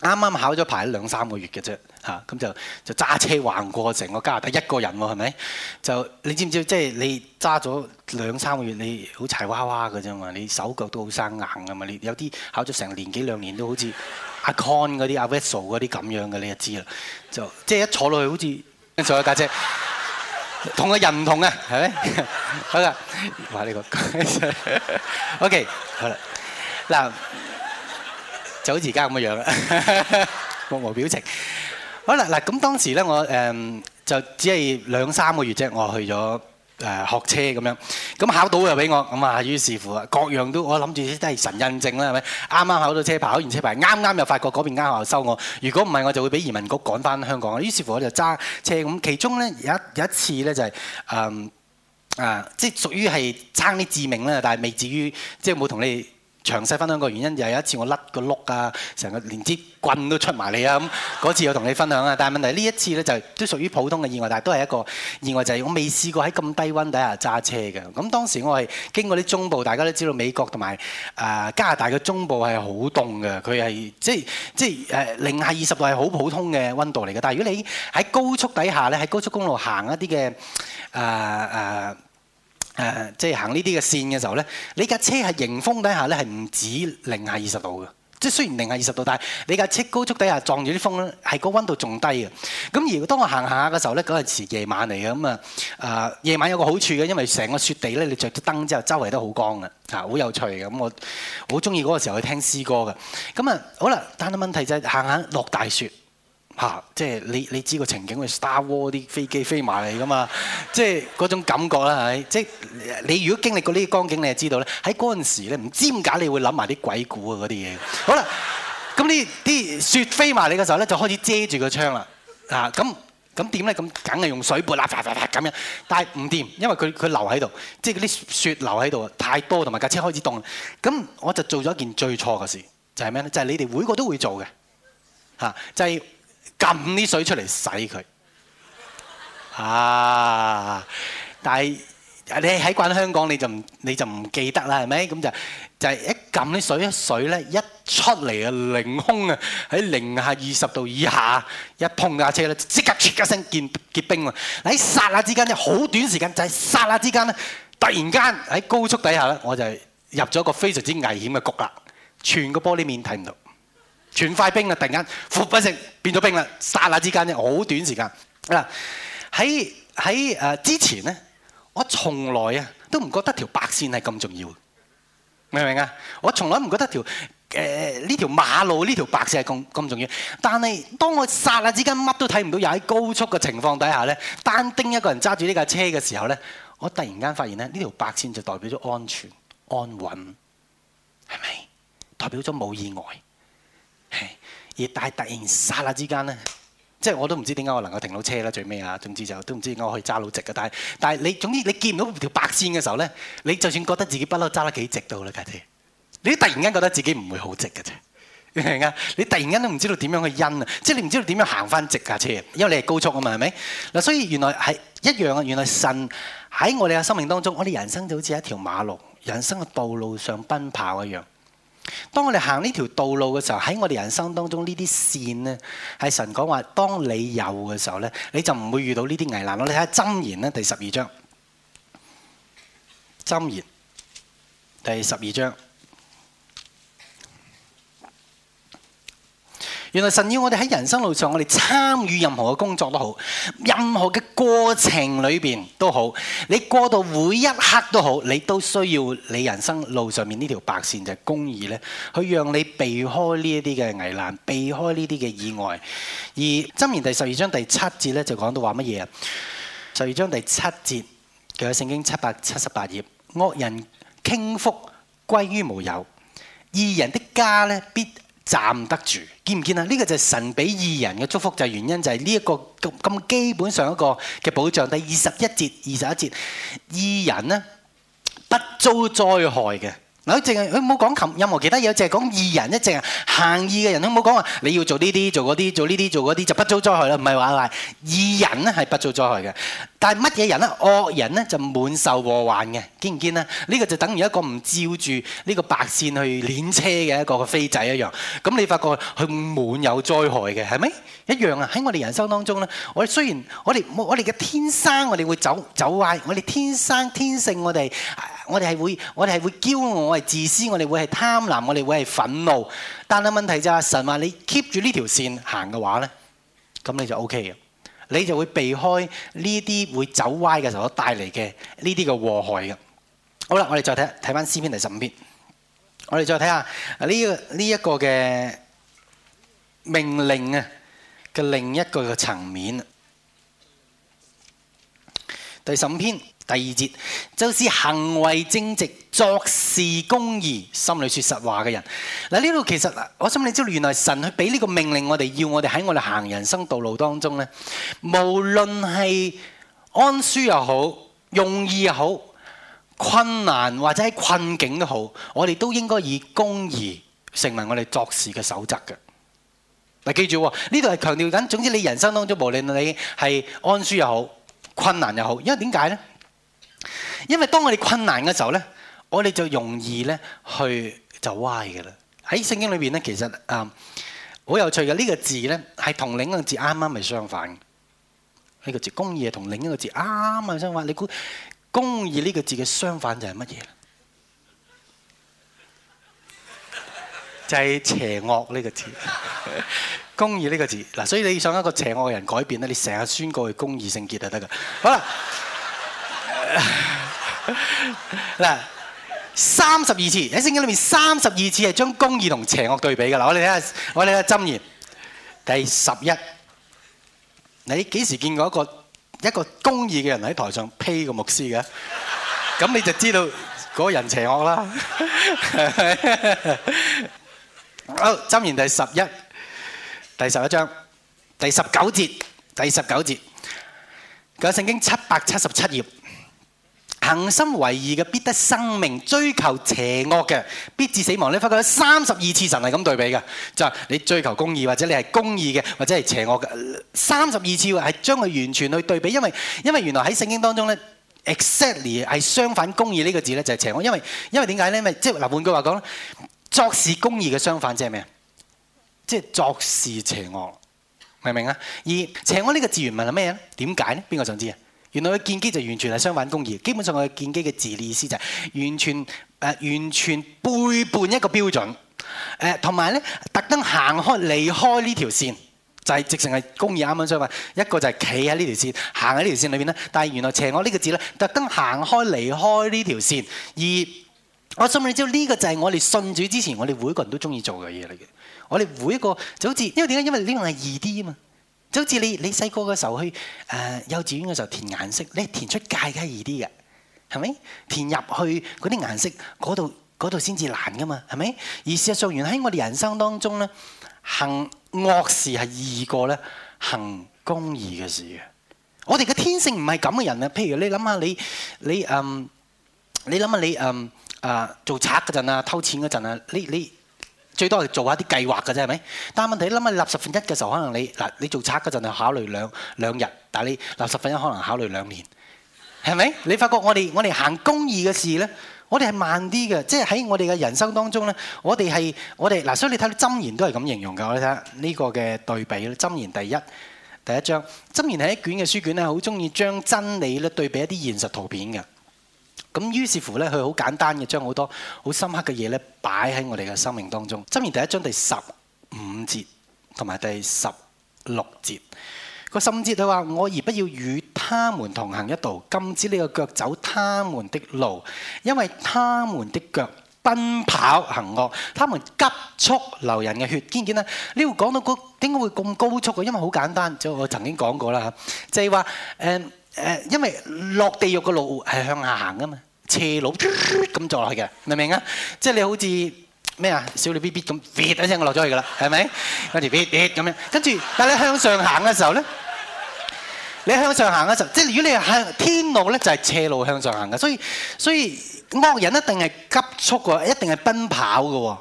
啱啱考咗牌兩三個月嘅啫嚇，咁、啊、就就揸車橫過成個加拿大一個人喎，係咪？就你知唔知？即係你揸咗兩三個月，你好柴娃娃嘅啫嘛，你手腳都好生硬嘅嘛，你有啲考咗成年幾兩年都好似阿 Con 嗰啲、阿 Vessel 嗰啲咁樣嘅，你就知啦？就即係一坐落去好似～仲有家姐，同啊人唔同啊，係咪？好啦，話呢個，OK，好啦，嗱，就好似而家咁嘅樣啦，目無表情。好啦，嗱，咁當時咧，我誒就只係兩三個月啫，我去咗。誒學車咁樣，咁考到又俾我，咁啊於是乎各樣都我諗住都係神印證啦，係咪？啱啱考到車牌，考完車牌，啱啱又發覺嗰邊間學校收我，如果唔係我就會俾移民局趕翻香港啦。於是乎我就揸車，咁其中咧有一有一次咧就係誒誒，即係屬於係爭啲致命啦，但係未至於即係冇同你哋。詳細分享個原因，就係有一次我甩個轆啊，成個連支棍都出埋嚟啊！咁嗰次我同你分享啊，但係問題呢一次咧就係都屬於普通嘅意外，但係都係一個意外就係我未試過喺咁低温底下揸車嘅。咁當時我係經過啲中部，大家都知道美國同埋誒加拿大嘅中部係好凍嘅，佢係即係即係誒零下二十度係好普通嘅温度嚟嘅。但係如果你喺高速底下咧，喺高速公路行一啲嘅誒誒。呃呃誒，即係、啊就是、行呢啲嘅線嘅時候咧，你架車係迎風底下咧，係唔止零下二十度嘅。即係雖然零下二十度，但係你架車高速底下撞住啲風咧，係個温度仲低嘅。咁而當我行行下嘅時候咧，嗰陣時夜晚嚟嘅咁啊啊，夜晚有個好處嘅，因為成個雪地咧，你着咗燈之後，周圍都好光嘅，嚇、啊、好有趣嘅。咁我好中意嗰個時候去聽詩歌嘅。咁啊，好啦，但係問題就係、是、行行落大雪。嚇、啊！即係你你知個情景，個 Star War 啲飛機飛埋嚟噶嘛？即係嗰種感覺啦，係即係你如果經歷過呢啲光景，你就知道咧。喺嗰陣時咧，唔知點解你會諗埋啲鬼故啊嗰啲嘢。 (laughs) 好啦，咁呢啲雪飛埋嚟嘅時候咧，就開始遮住個窗啦。嚇、啊！咁咁點咧？咁梗係用水撥啦，咁、啊、樣。但係唔掂，因為佢佢流喺度，即係啲雪流喺度啊，太多同埋架車開始凍。咁我就做咗一件最錯嘅事，就係咩咧？就係、是、你哋每個都會做嘅嚇、啊，就係、是。撳啲水出嚟洗佢啊！但係你喺慣香港你就唔你就唔記得啦，係咪？咁就就係一撳啲水，一水咧一出嚟啊，凌空啊，喺零下二十度以下，一碰架車咧，即刻唓一聲結結冰喎！喺剎那之間咧，好短時間就係剎那之間咧，突然間喺高速底下咧，我就入咗個非常之危險嘅局啦，全個玻璃面睇唔到。全塊冰啊！突然間，胡偉成變咗冰啦！剎那之間好短時間。嗱，喺喺誒之前呢，我從來啊都唔覺得呢條白線係咁重要，明唔明啊？我從來唔覺得呢條誒呢、呃、條馬路呢條白線係咁咁重要。但係當我剎那之間乜都睇唔到，又喺高速嘅情況底下咧，單丁一個人揸住呢架車嘅時候咧，我突然間發現咧，呢條白線就代表咗安全、安穩，係咪？代表咗冇意外。而但係突然剎那之間咧，即係我都唔知點解我能夠停到車啦，最尾啊，總之就都唔知點解我可以揸到直㗎。但係但係你總之你見唔到條白線嘅時候咧，你就算覺得自己，得得自己不嬲揸得幾直都好啦，架車。你突然間覺得自己唔會好直嘅啫，明唔明啊？你突然間都唔知道點樣去因啊，即係你唔知道點樣行翻直架車，因為你係高速啊嘛，係咪？嗱，所以原來係一樣啊。原來神喺我哋嘅生命當中，我哋人生就好似一條馬路，人生嘅道路上奔跑一樣。當我哋行呢條道路嘅時候，喺我哋人生當中呢啲線呢，係神講話：當你有嘅時候呢，你就唔會遇到呢啲危難咯。你睇《箴言》咧，第十二章，《箴言》第十二章。原來神要我哋喺人生路上，我哋參與任何嘅工作都好，任何嘅過程裏邊都好，你過到每一刻都好，你都需要你人生路上面呢條白線就係公義呢，去讓你避開呢一啲嘅危難，避開呢啲嘅意外。而箴言第十二章第七節呢，就講到話乜嘢啊？十二章第七節，其實聖經七百七十八頁，惡人傾覆，歸於無有，義人的家呢，必站得住，見唔見啊？呢、這個就是神俾義人嘅祝福，就係原因就是、這個，就係呢一個咁基本上一個嘅保障。第二十一節，二十一節，義人呢不遭災害嘅。嗱，淨係佢冇講冚任何其他嘢，就係講義人一直啊，行義嘅人，佢冇講話你要做呢啲，做嗰啲，做呢啲，做嗰啲就不遭災害啦。唔係話啦，義人咧係不遭災害嘅。但係乜嘢人咧？惡人咧就滿受禍患嘅，見唔見啊？呢個就等於一個唔照住呢個白線去練車嘅一個飛仔一樣。咁你發覺佢滿有災害嘅，係咪一樣啊？喺我哋人生當中咧，我哋雖然我哋我哋嘅天生我哋會走走壞，我哋天生天性我哋。我哋係會，我哋係會驕傲，我係自私，我哋會係貪婪，我哋會係憤怒。但係問題就係，神話你 keep 住呢條線行嘅話呢，咁你就 O K 嘅，你就會避開呢啲會走歪嘅時候所帶嚟嘅呢啲嘅禍害嘅。好啦，我哋再睇睇翻詩篇第十五篇，我哋再睇下呢個呢一個嘅命令啊嘅另一個嘅層面啊，第十五篇。第二節就是行為正直、作事公義、心裏說實話嘅人。嗱，呢度其實我心裏知道，原來神係俾呢個命令我哋，要我哋喺我哋行人生道路當中咧，無論係安舒又好、用意又好、困難或者喺困境都好，我哋都應該以公義成為我哋作事嘅守則嘅。嗱，記住喎，呢度係強調緊，總之你人生當中，無論你係安舒又好、困難又好，因為點解咧？因為當我哋困難嘅時候咧，我哋就容易咧去就歪嘅啦。喺聖經裏邊咧，其實誒好、嗯、有趣嘅呢、呢個字咧，係同另一個字啱啱咪相反的。呢個字公義同另一個字啱啱相反。你估公義呢個字嘅相反就係乜嘢？就係邪惡呢個字。公義呢個字嗱、就是，所以你想一個邪惡嘅人改變咧，你成日宣告佢公義聖潔就得㗎。好啦。 (laughs) 嗱，三十二次喺聖經裏面，三十二次係將公義同邪惡對比㗎啦。我哋睇下，我哋睇下箴言，第十一。你幾時見過一個一個公義嘅人喺台上批個牧師㗎？咁你就知道嗰個人邪惡啦。好，箴言第十一，第十一章，第十九節，第十九節，喺聖經七百七十七頁。恆心為義嘅必得生命，追求邪惡嘅必致死亡。你發覺有三十二次神係咁對比嘅，就係你追求公義或者你係公義嘅，或者係邪惡嘅，三十二次係將佢完全去對比。因為因為原來喺聖經當中咧，exactly 係相反公義呢個字咧就係邪惡。因為因為點解咧？因為即係嗱，換句話講，作事公義嘅相反即係咩啊？即係作事邪惡，明唔明啊？而邪惡呢個字原文係咩嘢？點解咧？邊個想知啊？原來佢見機就完全係相反公義，基本上我見機嘅字嘅意思就係完全誒、呃，完全背叛一個標準，誒同埋咧特登行開離開呢條線，就係、是、直情係公義啱啱相反。一個就係企喺呢條線，行喺呢條線裏面咧。但係原來邪惡呢個字咧，特登行開離開呢條線，而我相信你知道呢、呢個就係我哋信主之前，我哋每一個人都中意做嘅嘢嚟嘅。我哋每一個就好似因為點解？因為呢樣係易啲啊嘛。就好似你你細個嘅時候去誒、呃、幼稚園嘅時候填顏色，你填出界梗係易啲嘅，係咪？填入去嗰啲顏色，嗰度嗰度先至難噶嘛，係咪？而事實上，原喺我哋人生當中咧，行惡事係易過咧行公義嘅事嘅。我哋嘅天性唔係咁嘅人啊。譬如你諗下你你，你嗯，你諗下你嗯啊做賊嗰陣啊，偷錢嗰陣啊，你你。最多係做下啲計劃啫，係咪？但係問題你諗下，你立十分一嘅時候，可能你你做策嗰陣考慮兩兩日，但係你立十分一可能考慮兩年，係咪？你發覺我哋我哋行公義嘅事呢，我哋係慢啲嘅，即係喺我哋嘅人生當中呢，我哋係我哋嗱，所以你睇到《箴言》都係咁形容㗎。我哋睇下呢個嘅對比啦，《箴言》第一第一章，《箴言》係一卷嘅書卷，好中意將真理對比一啲現實圖片㗎。咁於是乎咧，佢好簡單嘅，將好多好深刻嘅嘢咧擺喺我哋嘅生命當中。箴言第一章第十五節同埋第十六節，個十五節佢話：我兒不要與他們同行一道，禁止你個腳走他們的路，因為他們的腳奔跑行惡，他們急速流人嘅血。見唔見啊？呢度講到個點解會咁高速嘅？因為好簡單，就我曾經講過啦，就係話誒誒，因為落地獄嘅路係向下行啊嘛。斜路咁坐落去嘅，明唔明啊？即係你好似咩啊？小鳥咇咇咁，咇一聲我落咗去噶啦，係咪？跟住咇咇咁樣，跟住但係你向上行嘅時候咧，你向上行嘅時候，即係如果你向天路咧，就係斜路向上行嘅，所以所以惡人一定係急速嘅，一定係奔跑嘅。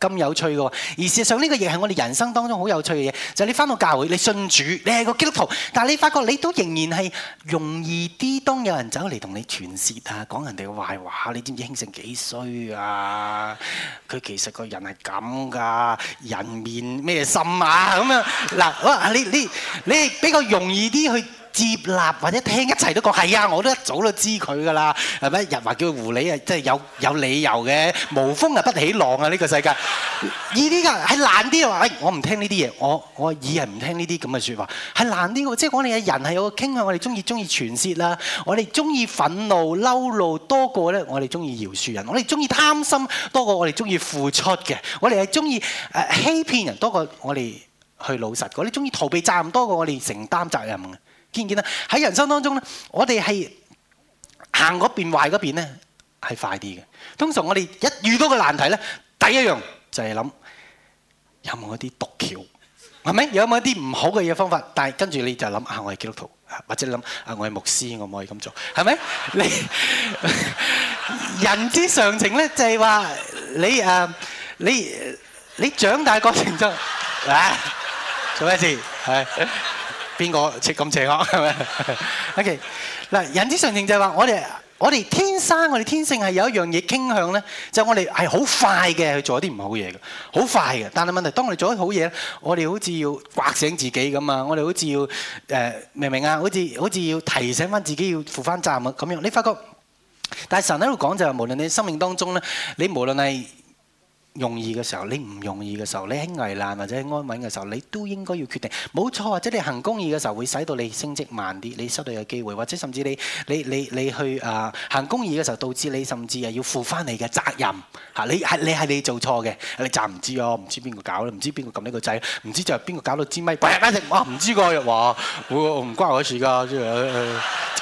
咁有趣嘅，而事實上呢個亦係我哋人生當中好有趣嘅嘢，就係、是、你返到教會，你信主，你係個基督徒，但係你發覺你都仍然係容易啲，當有人走嚟同你傳説啊，講人哋嘅壞話，你知唔知興盛幾衰啊？佢其實個人係咁噶，人面咩心啊？咁樣嗱，你你你比較容易啲去。接納或者聽一齊都講係啊！我都一早都知佢噶啦，係咪人話叫狐狸啊？即係有有理由嘅，無風啊不起浪啊！呢個世界，呢啲、呢個係難啲啊、哎！我唔聽呢啲嘢，我我耳係唔聽呢啲咁嘅説話，係難啲。即係我哋嘅人係有個傾向，我哋中意中意傳説啦，我哋中意憤怒、嬲怒多過咧，我哋中意饒恕人。我哋中意貪心多過我哋中意付出嘅。我哋係中意誒欺騙人多過我哋去老實嗰啲，中意逃避責任多過我哋承擔責任。見見啦，喺人生當中咧，我哋係行嗰邊壞嗰邊咧係快啲嘅。通常我哋一遇到個難題咧，第一樣就係諗有冇一啲獨橋，係咪有冇一啲唔好嘅嘢方法？但係跟住你就諗啊，我係基督徒，或者諗啊，我係牧師，我唔可以咁做，係咪？你人之常情咧，就係話你誒你你長大過程就啊做咩事係？邊個咁邪惡咯？係咪 (laughs) ？OK 嗱，人之常情就係話，我哋我哋天生我哋天性係有一樣嘢傾向咧，就係、我哋係好快嘅去做啲唔好嘢嘅，好快嘅。但係問題，當我哋做啲好嘢我哋好似要刮醒自己咁啊，我哋好似要誒、呃、明唔明啊？好似好似要提醒翻自己要負翻責任咁樣。你發覺，但係神喺度講就係、是、無論你生命當中咧，你無論係。容易嘅時候，你唔容易嘅時候，你喺危難或者喺安穩嘅時候，你都應該要決定。冇錯，或者你行公義嘅時候會使到你升職慢啲，你失去有機會，或者甚至你你你你去啊行公義嘅時候，導致你甚至係要負翻你嘅責任嚇。你係你係你做錯嘅，你詐唔知啊，唔知邊個搞咧，你唔知邊個撳呢個掣，唔知就係邊個搞到支咪，嘭一聲，哇唔知喎又話，唔關我事㗎，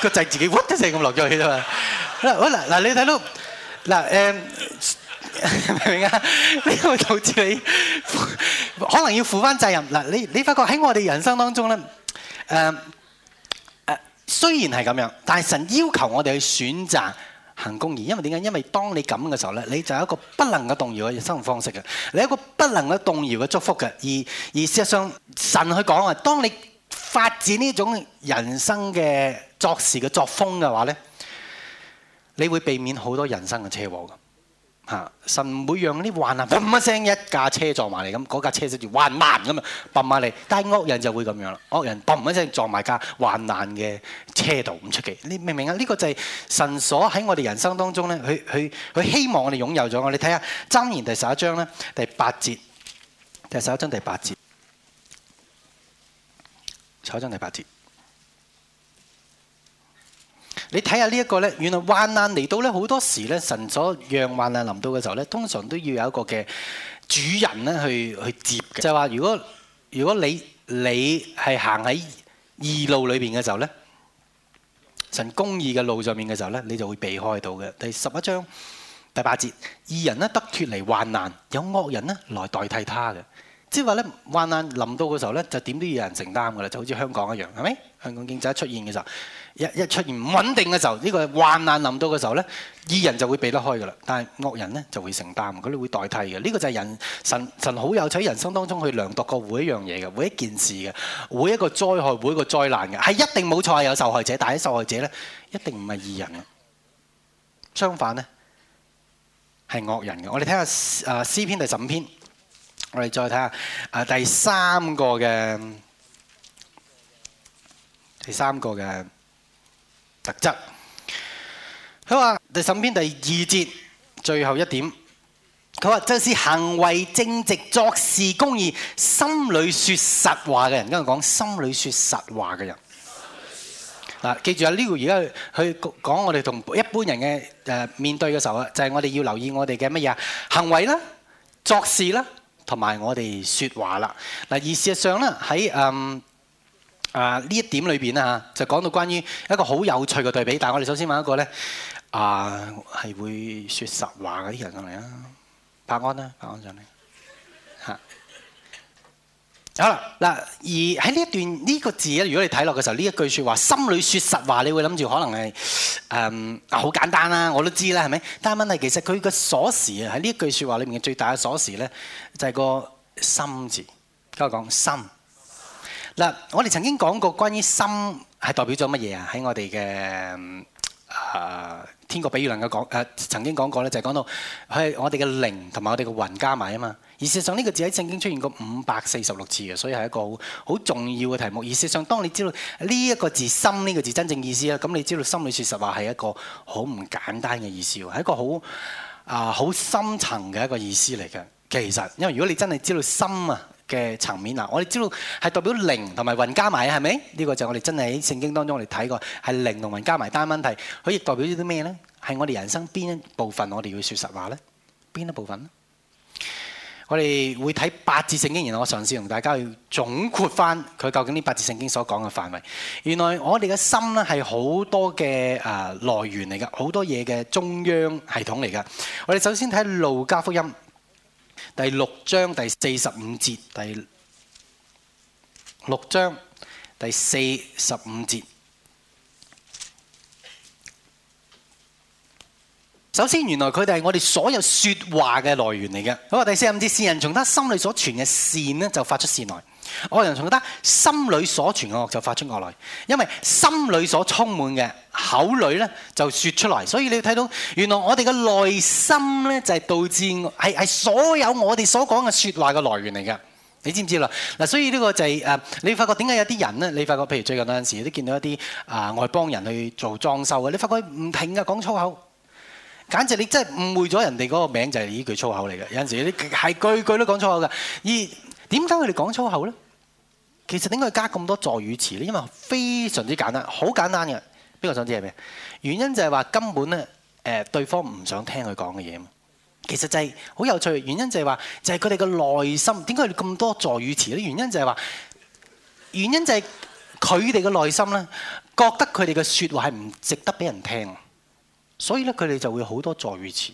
個掣自己鬱得成咁落咗去啫嘛。嗱嗱嗱你睇到，嗱。 (laughs) 明唔明啊嗎？呢個導致你可能要負翻責任嗱。你你發覺喺我哋人生當中咧，誒、呃、誒、呃，雖然係咁樣，但係神要求我哋去選擇行公義。因為點解？因為當你咁嘅時候咧，你就一個不能夠動搖嘅生活方式嘅，你一個不能夠動搖嘅祝福嘅。而而事實上，神去講啊，當你發展呢種人生嘅作事嘅作風嘅話咧，你會避免好多人生嘅車禍嚇、啊！神唔會讓啲患難嘣一聲一架車撞埋嚟咁，嗰架車就住患難咁啊，嘣埋嚟。但係惡人就會咁樣啦，惡人嘣一聲撞埋架患難嘅車道唔出奇。你明唔明啊？呢、這個就係神所喺我哋人生當中咧，佢佢佢希望我哋擁有咗。我看看。你睇下《箴言》第十一章咧，第八節，第十一章第八節，睇下章第八節。你睇下呢一個咧，原來患難嚟到咧，好多時咧，神所讓患難臨到嘅時候咧，通常都要有一個嘅主人咧去去接嘅。就話如果如果你你係行喺義路裏邊嘅時候咧，神公義嘅路上面嘅時候咧，你就會避開到嘅。第十一章第八節，義人咧得脱離患難，有惡人咧來代替他嘅。即係話咧，患難臨到嘅時候咧，就點都要有人承擔嘅啦，就好似香港一樣，係咪？香港經濟一出現嘅時候，一一出現唔穩定嘅時候，呢個患難臨到嘅時候咧，義人就會避得開嘅啦，但係惡人咧就會承擔，佢哋會代替嘅。呢個就係人神神好有趣，喺人生當中去量度過每一樣嘢嘅，每一件事嘅，每一個災害，每一個災難嘅，係一定冇錯係有受害者，但係啲受害者咧一定唔係義人啊。相反咧係惡人嘅。我哋睇下誒詩篇第十五篇？我哋再睇下第三個嘅第三個嘅特質。佢話第十五篇第二節最後一點，佢話就是行為正直、作事公義、心裏説實話嘅人。跟住講心裏説實話嘅人。嗱，記住啊！呢個而家去講我哋同一般人嘅誒面對嘅時候啊，就係我哋要留意我哋嘅乜嘢啊？行為啦，作事啦。同埋我哋説話啦，嗱，而事實上咧喺嗯啊呢、呃、一點裏邊啊，就講到關於一個好有趣嘅對比，但係我哋首先問一個咧，啊、呃、係會説實話嘅啲人上嚟啊，柏安啊，柏安上嚟。好啦，嗱而喺呢一段呢個字咧，如果你睇落嘅時候，呢一句説話，心裏説實話，你會諗住可能係誒啊，好簡單啦，我都知啦，係咪？但係問題其實佢個鎖匙啊，喺呢一句説話裏面嘅最大嘅鎖匙咧，就係個心字。跟我講心。嗱，我哋曾經講過關於心係代表咗乜嘢啊？喺我哋嘅誒天國比喻論嘅講誒，曾經講過咧，就係講到係我哋嘅靈同埋我哋嘅魂加埋啊嘛。而事實上呢個字喺聖經出現過五百四十六次嘅，所以係一個好重要嘅題目。而事實上，當你知道呢一個字心呢個字真正意思咧，咁你知道心裏説實話係一個好唔簡單嘅意思喎，係一個好啊好深層嘅一個意思嚟嘅。其實，因為如果你真係知道心啊嘅層面嗱，我哋知道係代表靈同埋魂加埋啊，係咪？呢個就我哋真係喺聖經當中我哋睇過係靈同魂加埋，但係問題佢代表咗啲咩呢？係我哋人生邊一部分我哋要説實話呢？邊一部分咧？我哋會睇八節聖經，然後我嘗試同大家去總括返佢究竟呢八節聖經所講嘅範圍。原來我哋嘅心咧係好多嘅誒來源嚟嘅，好多嘢嘅中央系統嚟嘅。我哋首先睇路加福音第六章第四十五節，第六章第四十五節。第六首先，原來佢哋係我哋所有説話嘅來源嚟嘅。好啊，第四，唔知善人從他心裏所存嘅善呢，就發出善來；惡人從他心裏所存嘅惡就發出惡來。因為心裏所充滿嘅口裡呢，就説出來。所以你會睇到原來我哋嘅內心呢，就係導致係係所有我哋所講嘅説話嘅來源嚟嘅。你知唔知啦？嗱，所以呢個就係、是、誒，你發覺點解有啲人呢？你發覺譬如最近嗰陣時都見到一啲啊、呃、外邦人去做裝修嘅，你發覺佢唔停嘅講粗口。簡直你真係誤會咗人哋嗰個名字就係、是、呢句粗口嚟嘅，有陣時你係句句都講口嘅。而點解佢哋講粗口咧？其實點解加咁多助語詞咧？因為非常之簡單，好簡單嘅。邊個想知係咩？原因就係話根本咧，誒、呃、對方唔想聽佢講嘅嘢其實就係好有趣，原因就係話就係佢哋嘅內心。點解佢哋咁多助語詞咧？原因就係話，原因就係佢哋嘅內心咧，覺得佢哋嘅説話係唔值得俾人聽。所以咧，佢哋就會好多助語詞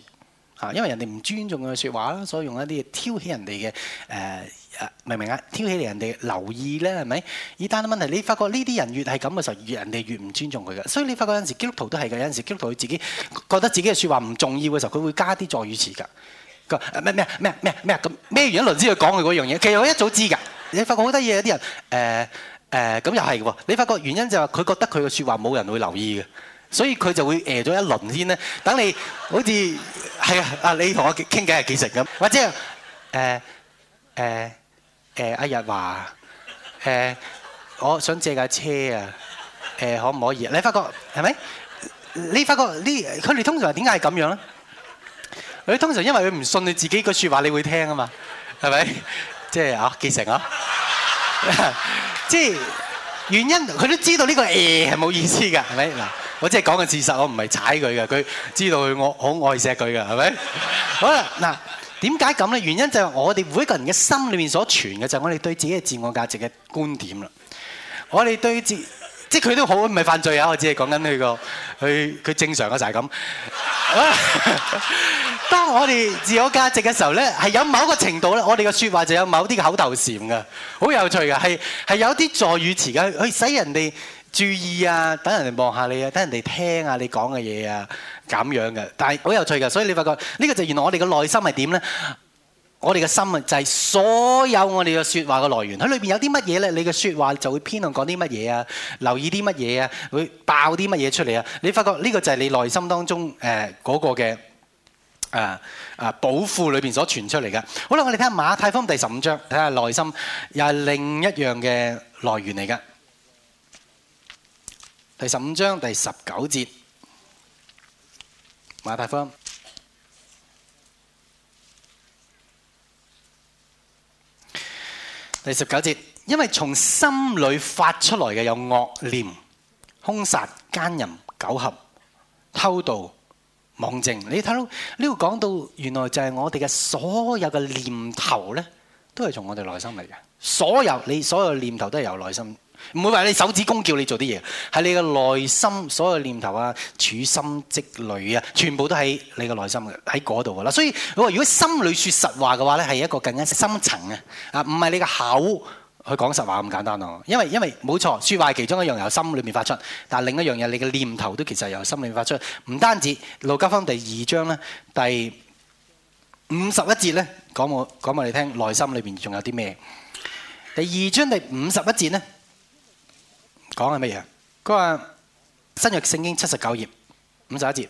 啊，因為人哋唔尊重佢嘅説話啦，所以用一啲嘢挑起人哋嘅誒誒，明唔明啊？挑起人哋嘅留意咧，係咪？而但係問題，你發覺呢啲人越係咁嘅時候，人哋越唔尊重佢嘅。所以你發覺有陣時基督徒都係嘅，有陣時基督徒佢自己覺得自己嘅説話唔重要嘅時候，佢會加啲助語詞㗎。咩咩咩咩咩咁咩原因？倫之佢講嘅嗰樣嘢，其實我一早知㗎。你發覺好得意啊！啲人誒誒咁又係喎。你發覺原因就係佢覺得佢嘅説話冇人會留意嘅。所以佢就會誒咗一輪先咧，等你好似係啊！你同我傾傾偈係幾成咁？或者誒誒誒，阿日華誒，我想借架車啊！誒，可唔可以？你發覺係咪？你發覺呢？佢哋通常點解係咁樣咧？佢哋通常因為佢唔信你自己個説話，你會聽啊嘛，係咪？即係啊，幾成啊？即係原因，佢都知道呢個誒係冇意思㗎，係咪嗱？我即係講個事實，我唔係踩佢嘅。佢知道佢我好愛錫佢嘅，係咪？好啦，嗱，點解咁咧？原因就係我哋每一個人嘅心裏面所存嘅就係、是、我哋對自己嘅自我價值嘅觀點啦。我哋對自即係佢都好唔係犯罪啊！我只係講緊佢個佢佢正常嘅就係、是、咁。當我哋自我價值嘅時候咧，係有某個程度咧，我哋嘅説話就有某啲嘅口頭禪嘅，好有趣嘅，係係有啲助語詞嘅，去使人哋。注意啊！等人哋望下你啊，等人哋聽下啊，你講嘅嘢啊，咁樣嘅。但係好有趣嘅，所以你發覺呢、呢個就原來我哋嘅內心係點呢？我哋嘅心啊，就係所有我哋嘅説話嘅來源。喺裏面有啲乜嘢呢？你嘅説話就會偏向講啲乜嘢啊？留意啲乜嘢啊？會爆啲乜嘢出嚟啊？你發覺呢個就係你內心當中嗰、呃那個嘅誒誒寶庫裏面所傳出嚟嘅。好啦，我哋睇下馬太福音第十五章，睇下內心又係另一樣嘅來源嚟㗎。第十五章第十九節，馬太方。第十九節，因為從心裏發出來嘅有惡念、兇殺、奸淫、苟合、偷盜、妄證。你睇到呢度講到，原來就係我哋嘅所有嘅念頭呢，都係從我哋內心嚟嘅。所有你所有嘅念頭都係由內心。唔會話你手指公叫你做啲嘢，係你嘅內心所有念頭啊、處心積累啊，全部都喺你嘅內心嘅喺嗰度啊。啦，所以我話如果心裏說實話嘅話咧，係一個更加深層嘅啊，唔係你嘅口去講實話咁簡單咯。因為因為冇錯，說話其中一樣由心裏面發出，但另一樣嘢你嘅念頭都其實由心裏面發出。唔單止《路加福音》第二章咧，第五十一節咧，講我講埋你聽內心裏邊仲有啲咩？第二章第五十一節咧。講係乜嘢？佢話新約聖經七十九頁五十一節，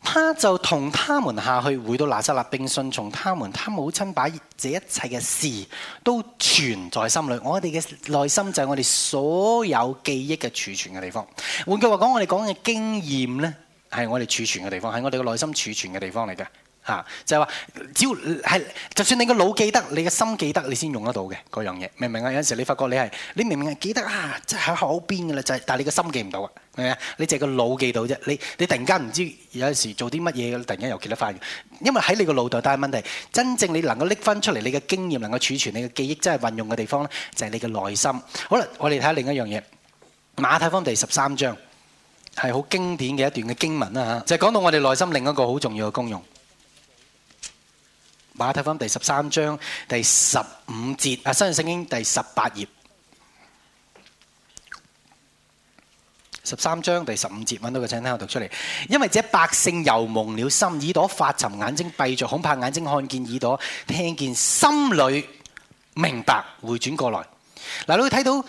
他就同他們下去，回到拿撒勒，並順從他們。他母親把這一切嘅事都存在心裏。我哋嘅內心就係我哋所有記憶嘅儲存嘅地方。換句話講，我哋講嘅經驗咧，係我哋儲存嘅地方，係我哋嘅內心儲存嘅地方嚟嘅。啊！就係話，只要係，就算你個腦記得，你嘅心記得，你先用得到嘅嗰樣嘢，明唔明啊？有陣時你發覺你係，你明明係記得啊，即係喺口邊嘅啦，就係，但係你嘅心記唔到啊，明唔明？你淨係個腦記到啫，你你突然間唔知有陣時做啲乜嘢，突然間又記得翻。因為喺你個腦度，但係問題，真正你能夠拎翻出嚟，你嘅經驗能夠儲存，你嘅記憶真係運用嘅地方咧，就係你嘅內心。好啦，我哋睇下另一樣嘢，《馬太福音》第十三章係好經典嘅一段嘅經文啦嚇，就講到我哋內心另一個好重要嘅功用。馬太福音第十三章第十五節，啊，新約聖經第十八頁。十三章第十五節揾到個，請聽我讀出嚟。因為這百姓又蒙了心，耳朵發沉，眼睛閉着，恐怕眼睛看見，耳朵聽見，心裡明白回轉過來。嗱，你會睇到。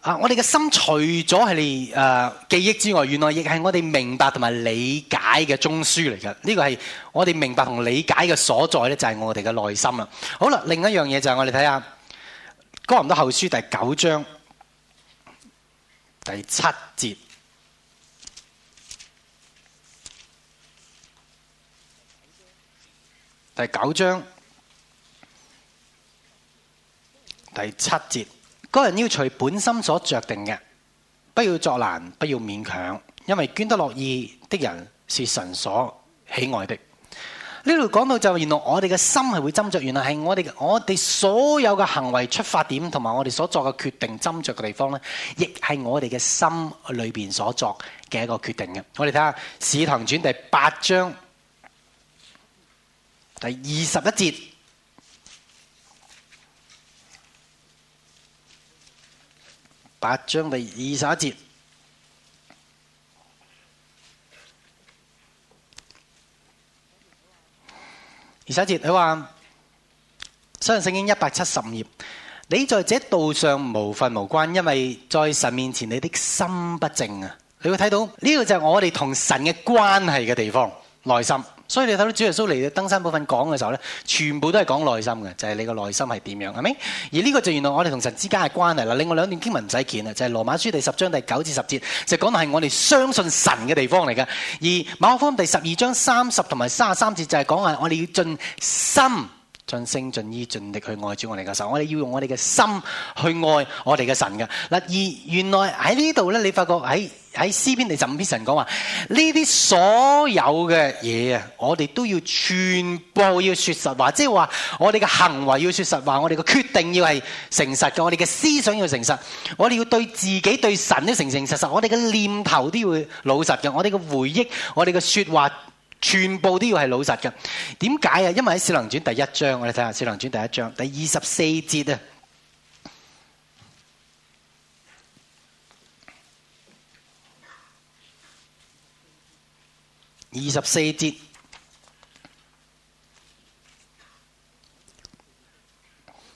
啊！我哋嘅心除咗係嚟誒記憶之外，原來亦係我哋明白同埋理解嘅中樞嚟嘅。呢、呢個係我哋明白同理解嘅所在咧，就係、係、我哋嘅內心啦。好啦，另一樣嘢就係我哋睇下《哥林多後書》第九章第七節，第九章第七節。各人要隨本心所酌定嘅，不要作難，不要勉強，因為捐得樂意的人是神所喜愛的。呢度講到就，原來我哋嘅心是會斟酌，原來是我哋我們所有嘅行為出發點，同埋我哋所作嘅決定斟酌嘅地方呢，亦係我哋嘅心裏面所作嘅一個決定的。我哋睇下《使徒傳》第八章第二十一節。八章第二,二十一節，二十一節佢話相信聖經一百七十五頁，你在這道上無份無關，因為在神面前你的心不正啊！你會睇到呢、這個就是我哋同神嘅關係嘅地方，內心。所以你睇到主耶穌嚟登山寶訓講嘅時候呢，全部都係講內心嘅，就係你個內心係點樣，係咪？而呢個就原來我哋同神之間嘅關係啦。另外兩段經文唔使見啦，就係羅馬書第十章第九至十節，就講係我哋相信神嘅地方嚟㗎。而馬可福音第十二章三十同埋三十三節就係講啊，我哋要盡心、盡性、盡意、盡力去愛主我哋嘅神，我哋要用我哋嘅心去愛我哋嘅神㗎。而原來喺呢度呢，你發覺喺《詩篇》第十五篇神講話：呢啲所有嘅嘢啊，我哋都要全部要説實話，即係話我哋嘅行為要説實話，我哋嘅決定要係誠實嘅，我哋嘅思想要誠實，我哋要對自己、對神都誠誠實實，我哋嘅念頭都要老實嘅，我哋嘅回憶、我哋嘅説話，全部都要係老實嘅。點解啊？因為喺《四能傳》第一章，我哋睇下《四能傳》第一章第二十四節啊。二十四節，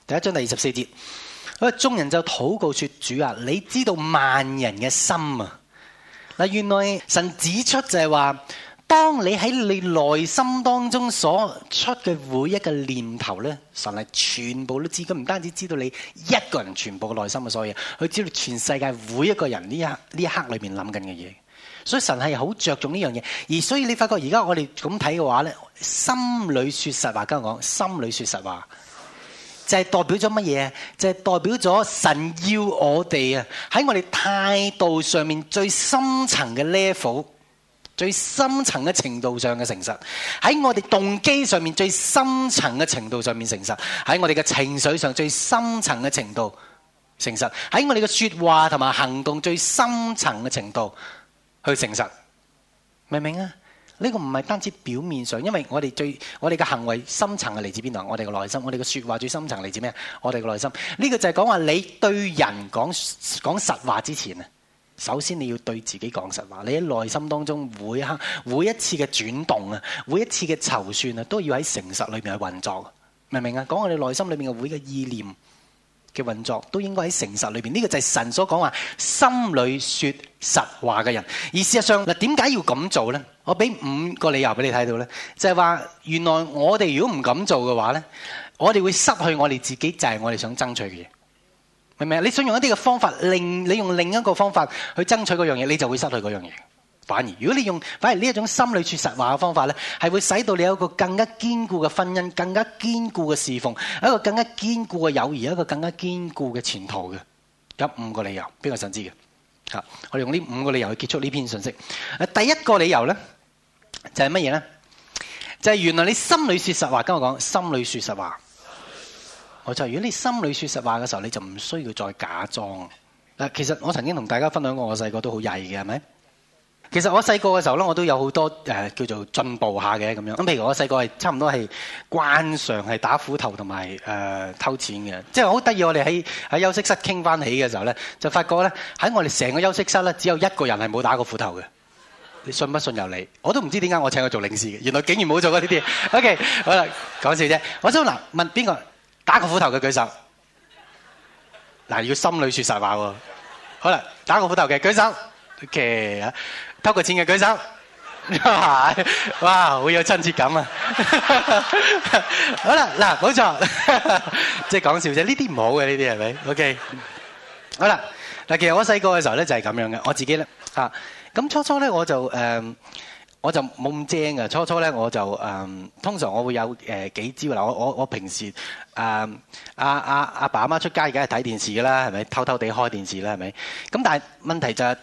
第一章第二十四節，啊！眾人就禱告說：主啊，你知道萬人嘅心啊！嗱，原來神指出就係話，當你喺你內心當中所出嘅每一個念頭咧，神係全部都知道。佢唔單止知道你一個人全部嘅內心嘅所以，佢知道全世界每一個人呢一呢一刻裏面諗緊嘅嘢。所以神係好着重呢樣嘢，而所以你發覺而家我哋咁睇嘅話咧，心裏説實話，跟我講心裏説實話，就係代表咗乜嘢？就係代表咗神要我哋啊喺我哋態度上面最深層嘅 level，最深層嘅程度上嘅誠實，喺我哋動機上面最深層嘅程度上面誠實，喺我哋嘅情緒上最深層嘅程度誠實，喺我哋嘅説話同埋行動最深層嘅程度，去誠實，明唔明啊？呢個唔係單止表面上，因為我哋最我哋嘅行為深層係嚟自邊度？我哋嘅內心，我哋嘅説話最深層嚟自咩？我哋嘅內心，呢個就係講話你對人講講實話之前啊，首先你要對自己講實話，你喺內心當中每一刻每一次嘅轉動啊，每一次嘅籌算啊，都要喺誠實裏面去運作，明唔明啊？講我哋內心裏面嘅每嘅意念，嘅運作都應該喺誠實裏邊，呢個就係神所講話心裏說實話嘅人。而事實上嗱，點解要咁做呢？我俾五個理由俾你睇到呢，就係話原來我哋如果唔咁做嘅話呢，我哋會失去我哋自己就係我哋想爭取嘅嘢。明唔明啊？你想用一啲嘅方法，你用另一個方法去爭取嗰樣嘢，你就會失去嗰樣嘢。反而，如果你用反而呢一種心裏説實話嘅方法咧，係會使到你有一個更加堅固嘅婚姻、更加堅固嘅侍奉、有一個更加堅固嘅友誼、有一個更加堅固嘅前途嘅。有五個理由，邊個想知嘅？嚇！我哋用呢五個理由去結束呢篇信息，啊。第一個理由咧就係乜嘢咧？就係、是就是、原來你心裏説實話，跟我講心裏説實話。我就，如果你心裏説實話嘅時候，你就唔需要再假裝。嗱、啊，其實我曾經同大家分享過，我細個都好曳嘅，係咪？其實我細個嘅時候咧，我都有好多誒叫做進步下嘅咁樣。咁譬如我細個係差唔多係慣常係打斧頭同埋誒偷錢嘅，即係好得意。我哋喺喺休息室傾翻起嘅時候咧，就發覺咧喺我哋成個休息室咧，只有一個人係冇打過斧頭嘅。你信不信由你？我都唔知點解我請佢做領事嘅，原來竟然冇做過呢啲。OK，好啦，講笑啫。我想嗱問邊個打過斧頭嘅舉手。嗱要心裏說實話喎。好啦，打過斧頭嘅舉手。OK 啊。偷過錢嘅舉手，唔係，哇，好有親切感啊！ (laughs) 好啦，嗱，冇錯，即係講笑啫。呢啲唔好嘅，呢啲係咪？OK，好啦，嗱，其實我細個嘅時候咧就係咁樣嘅，我自己咧嚇。咁、啊、初初咧我就誒、呃，我就冇咁正啊。初初咧我就誒、呃，通常我會有誒、呃、幾招啦。我我我平時誒阿阿阿爸阿媽出街，而家係睇電視㗎啦，係咪偷偷地開電視啦，係咪？咁但係問題就係、是、誒。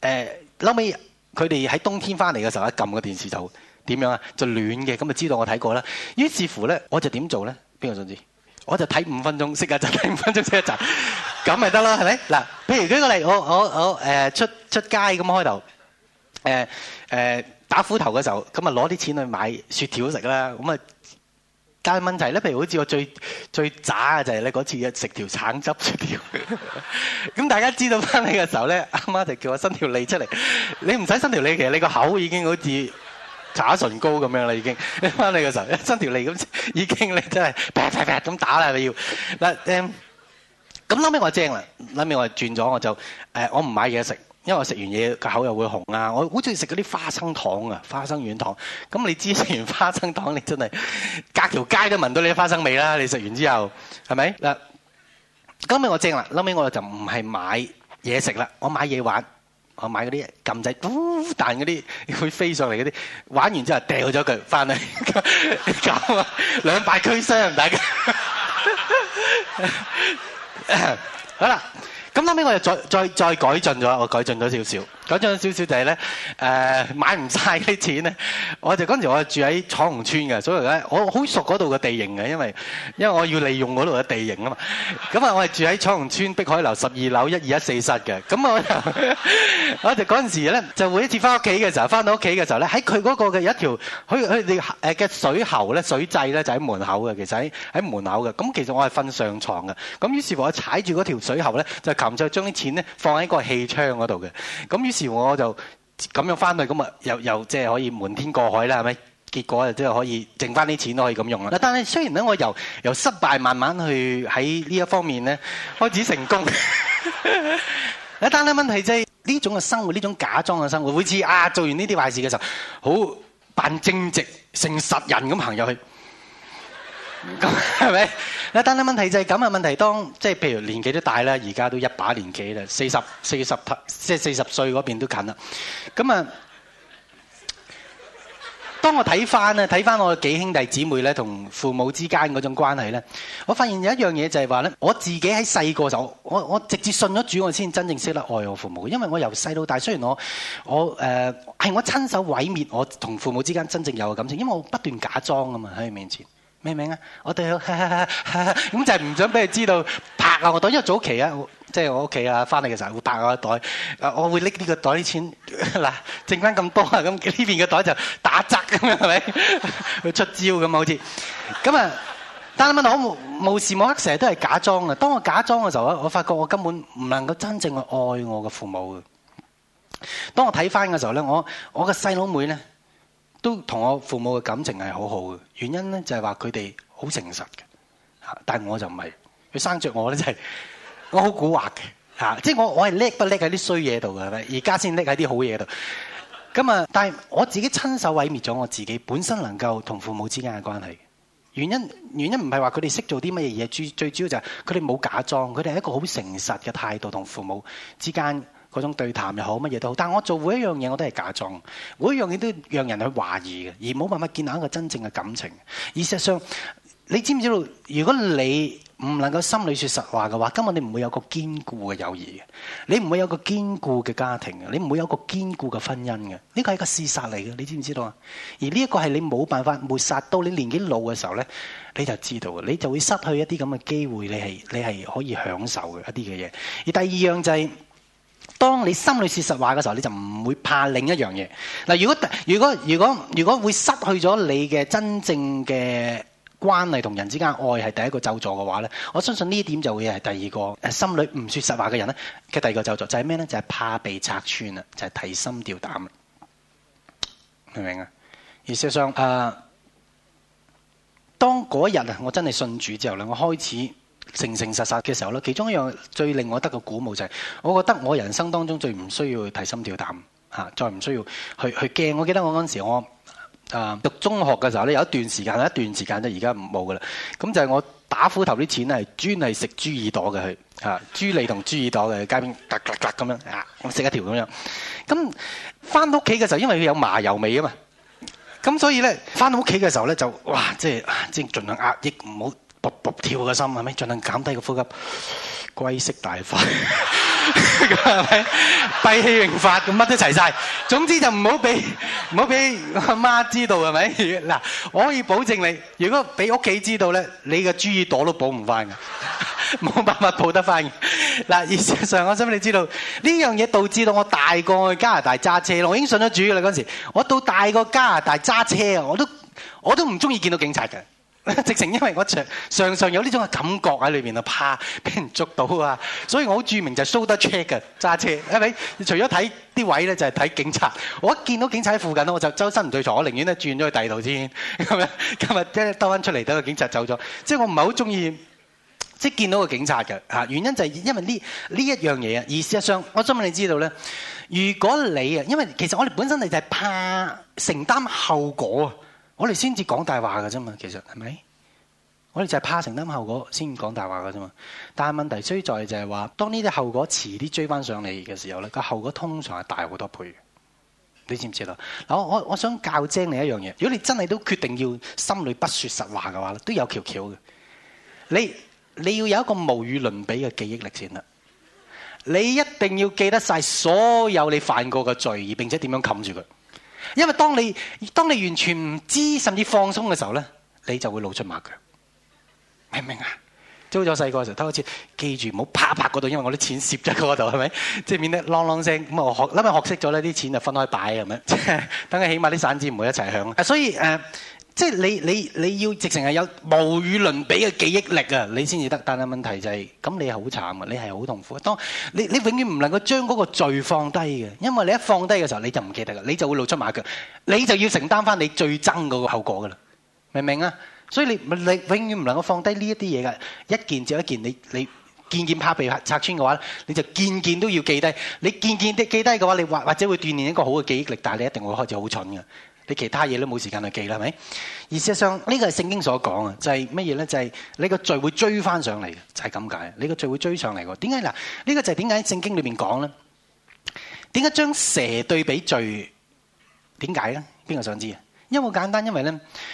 呃後尾佢哋喺冬天翻嚟嘅時候，一撳個電視就點樣啊？就暖嘅，咁就知道我睇過啦。於是乎咧，我就點做咧？邊個想知？我就睇五分鐘，熄一集，睇五分鐘，熄一集，咁咪得咯，係咪？嗱，譬如舉個例，我我我誒、呃、出出街咁開頭誒誒打斧頭嘅時候，咁啊攞啲錢去買雪條食啦，咁啊～但問題咧、就是，譬如好似我最最渣嘅就係你嗰次啊，食條橙汁出嚟，咁 (laughs) 大家知道翻你嘅時候咧，阿媽就叫我伸條脷出嚟，你唔使伸條脷，其實你個口已經好似搽唇膏咁樣啦，已經。翻你嘅時候一伸一條脷咁，已經你真係啪啪啪咁打啦，你要嗱誒，咁後屘我精啦，後屘我轉咗我就誒我唔、呃、買嘢食。因為我食完嘢個口又會紅啊！我好中意食嗰啲花生糖啊，花生軟糖。咁你之前花生糖，你真係隔條街都聞到你花生味啦！你食完之後係咪？嗱，今日我正啦，後尾我就唔係買嘢食啦，我買嘢玩。我買嗰啲撳仔，嘟彈嗰啲會飛上嚟嗰啲。玩完之後掉咗佢翻嚟，咁啊，兩敗俱傷，大家。好啦。咁後屘我又再再再改進咗，我改進咗少少。講咗少少就係、是、咧，誒、呃、買唔晒啲錢咧。我哋嗰陣時我係住喺彩虹村嘅，所以咧我好熟嗰度嘅地形嘅，因為因為我要利用嗰度嘅地形啊嘛。咁啊，我係住喺彩虹村碧海樓十二樓一二一四室嘅。咁我就 (laughs) 我哋嗰陣時咧就每一次翻屋企嘅時候，翻到屋企嘅時候咧，喺佢嗰個嘅有一條佢佢哋誒嘅水喉咧、水掣咧就喺門口嘅，其實喺喺門口嘅。咁其實我係瞓上床嘅。咁於是乎我踩住嗰條水喉咧，就擒著將啲錢咧放喺個氣窗嗰度嘅。咁於是事我就咁樣翻去，咁啊又又即係可以瞞天過海啦，係咪？結果啊即係可以剩翻啲錢都可以咁用啦。但係雖然咧，我由由失敗慢慢去喺呢一方面咧開始成功。但係問題就係呢種嘅生活，呢種假裝嘅生活，每次啊做完呢啲壞事嘅時候，好扮正直誠實人咁行入去。咁係咪？但係問題就係咁嘅問題當即係譬如年紀都大啦，而家都一把年紀啦，四十、四十即係四十歲嗰邊都近啦。咁啊，當我睇翻咧，睇翻我幾兄弟姊妹咧，同父母之間嗰種關係咧，我發現有一樣嘢就係話咧，我自己喺細個就我我直接信咗主，我先真正識得愛我父母，因為我由細到大，雖然我我誒係、呃、我親手毀滅我同父母之間真正有嘅感情，因為我在不斷假裝啊嘛喺佢面前。咩名啊？我哋咁就係唔想俾佢知道拍啊，個袋，因為早期啊，即係我屋企啊，翻嚟嘅時候會拍下個袋，袋，我會拎呢個袋啲、這個、錢嗱，剩翻咁多啊，咁呢邊嘅袋就打雜咁樣係咪？會 (laughs) 出招咁啊？好似咁啊，但係 (laughs) 我無，無時無刻成日都係假裝啊。當我假裝嘅時候咧，我發覺我根本唔能夠真正去愛我嘅父母嘅。當我睇翻嘅時候咧，我我嘅細佬妹咧。都同我父母嘅感情係好好嘅，原因咧就係話佢哋好誠實嘅嚇，但係我就唔係，佢生着我咧就係，我好古惑嘅嚇，即係我我係叻不叻喺啲衰嘢度嘅，而家先叻喺啲好嘢度。咁啊，但係我自己親手毀滅咗我自己本身能夠同父母之間嘅關係，原因原因唔係話佢哋識做啲乜嘢嘢，最最主要就係佢哋冇假裝佢哋係一個好誠實嘅態度同父母之間。嗰種對談又好，乜嘢都好，但係我做每一樣嘢我都係假裝，每一樣嘢都讓人去懷疑嘅，而冇辦法建立一個真正嘅感情。而事實上，你知唔知道？如果你唔能夠心裏説實話嘅話，今日你唔會有個堅固嘅友誼嘅，你唔會有個堅固嘅家庭嘅，你唔會有個堅固嘅婚姻嘅。呢個係一個事實嚟嘅，你知唔知道啊？而呢一個係你冇辦法抹殺到你年紀老嘅時候呢，你就知道，你就會失去一啲咁嘅機會，你係你係可以享受嘅一啲嘅嘢。而第二樣就係。當你心裏說實話嘅時候，你就唔會怕另一樣嘢。嗱，如果如果如果如果會失去咗你嘅真正嘅關係同人之間愛係第一個咒詛嘅話咧，我相信呢一點就會係第二個。誒、啊，心裏唔說實話嘅人咧嘅第二個咒詛就係咩咧？就係、是就是、怕被拆穿啦，就係、是、提心吊膽。明唔明啊？而事實上誒，當嗰日啊，我真係信主之後咧，我開始，誠誠實實嘅時候咯，其中一樣最令我得個鼓舞就係，我覺得我人生當中最唔需要提心吊膽嚇，再唔需要去去驚。我記得我嗰陣時，我誒讀中學嘅時候咧，有一段時間，一段時間就而家唔冇噶啦。咁就係我打斧頭啲錢係專係食豬耳朵嘅佢嚇，豬脷同豬耳朵嘅街邊，格格格咁樣啊，我食一條咁樣。咁翻屋企嘅時候，因為佢有麻油味啊嘛，咁所以咧翻到屋企嘅時候咧就哇，即係即係盡量壓抑唔好。搏搏跳嘅心係咪？盡量減低個呼吸，龜息大法，係咪？閉氣刑法，咁乜都齊晒。總之就唔好俾唔好俾阿媽知道係咪？嗱，我可以保證你，如果俾屋企知道咧，你嘅豬耳朵都補唔翻嘅，冇辦法補得翻嘅。嗱，而事上我想，你知道呢樣嘢導致到我大個去加拿大揸車咯。我已經信咗主啦嗰時，我到大個加拿大揸車啊，我都我都唔中意見到警察嘅。直情因為我常常常有呢種嘅感覺喺裏邊啊，怕俾人捉到啊，所以我好著名就 show 得 check 嘅揸車，係咪？除咗睇啲位咧，就係睇警察。我一見到警察喺附近咧，我就周身唔對牀，我寧願咧轉咗去第二度先。咁樣今日即兜翻出嚟，等個警察走咗。即係我唔係好中意即係見到個警察嘅嚇。原因就係因為呢呢一樣嘢啊。而事實上，我想問你知道咧，如果你啊，因為其實我哋本身你就係怕承擔後果啊。我哋先至講大話㗎咋嘛，其實係咪？我哋就係怕承擔後果先講大話㗎咋嘛。但係問題衰在就係話，當呢啲後果遲啲追返上嚟嘅時候，呢個後果通常係大好多倍的。你知唔知道？我我想教精你一樣嘢。如果你真係都決定要心裏不說實話嘅話都有橋橋嘅。你你要有一個無與倫比嘅記憶力先啦。你一定要記得晒所有你犯過嘅罪，而且點樣冚住佢。因為當你當你完全唔知，甚至放鬆嘅時候咧，你就會露出馬腳，明唔明啊？即好似我細個嘅時候偷一次，記住唔好啪啪嗰度，因為我啲錢攝咗嗰度，係咪？即係免得啷啷聲。咁我學諗下學識咗呢啲錢就分開擺咁樣，等佢起碼啲散紙唔會一齊響。啊，所以誒。呃即係你你你要直情係有無與倫比嘅記憶力啊，你先至得。但係問題就係咁，你係好慘啊，你係好痛苦啊。當你你永遠唔能夠將嗰個罪放低嘅，因為你一放低嘅時候你就唔記得啦，你就會露出馬腳，你就要承擔翻你最憎嗰個後果噶啦，明唔明啊？所以你你永遠唔能夠放低呢一啲嘢噶，一件接一件，你你件件怕被拆穿嘅話，你就件件都要記低。你件件記記都低嘅話，你或或者會鍛鍊一個好嘅記憶力，但係你一定會開始好蠢嘅。你其他嘢都冇時間去記啦，係咪？而事實上呢、這個係聖經所講啊，就係乜嘢咧？就係、是、你個罪會追翻上嚟，就係咁解。你個罪會追上嚟喎。點解嗱？呢、這個就係點解聖經裏面講咧？點解將蛇對比罪？點解咧？邊個想知啊？因為好簡單，因為咧，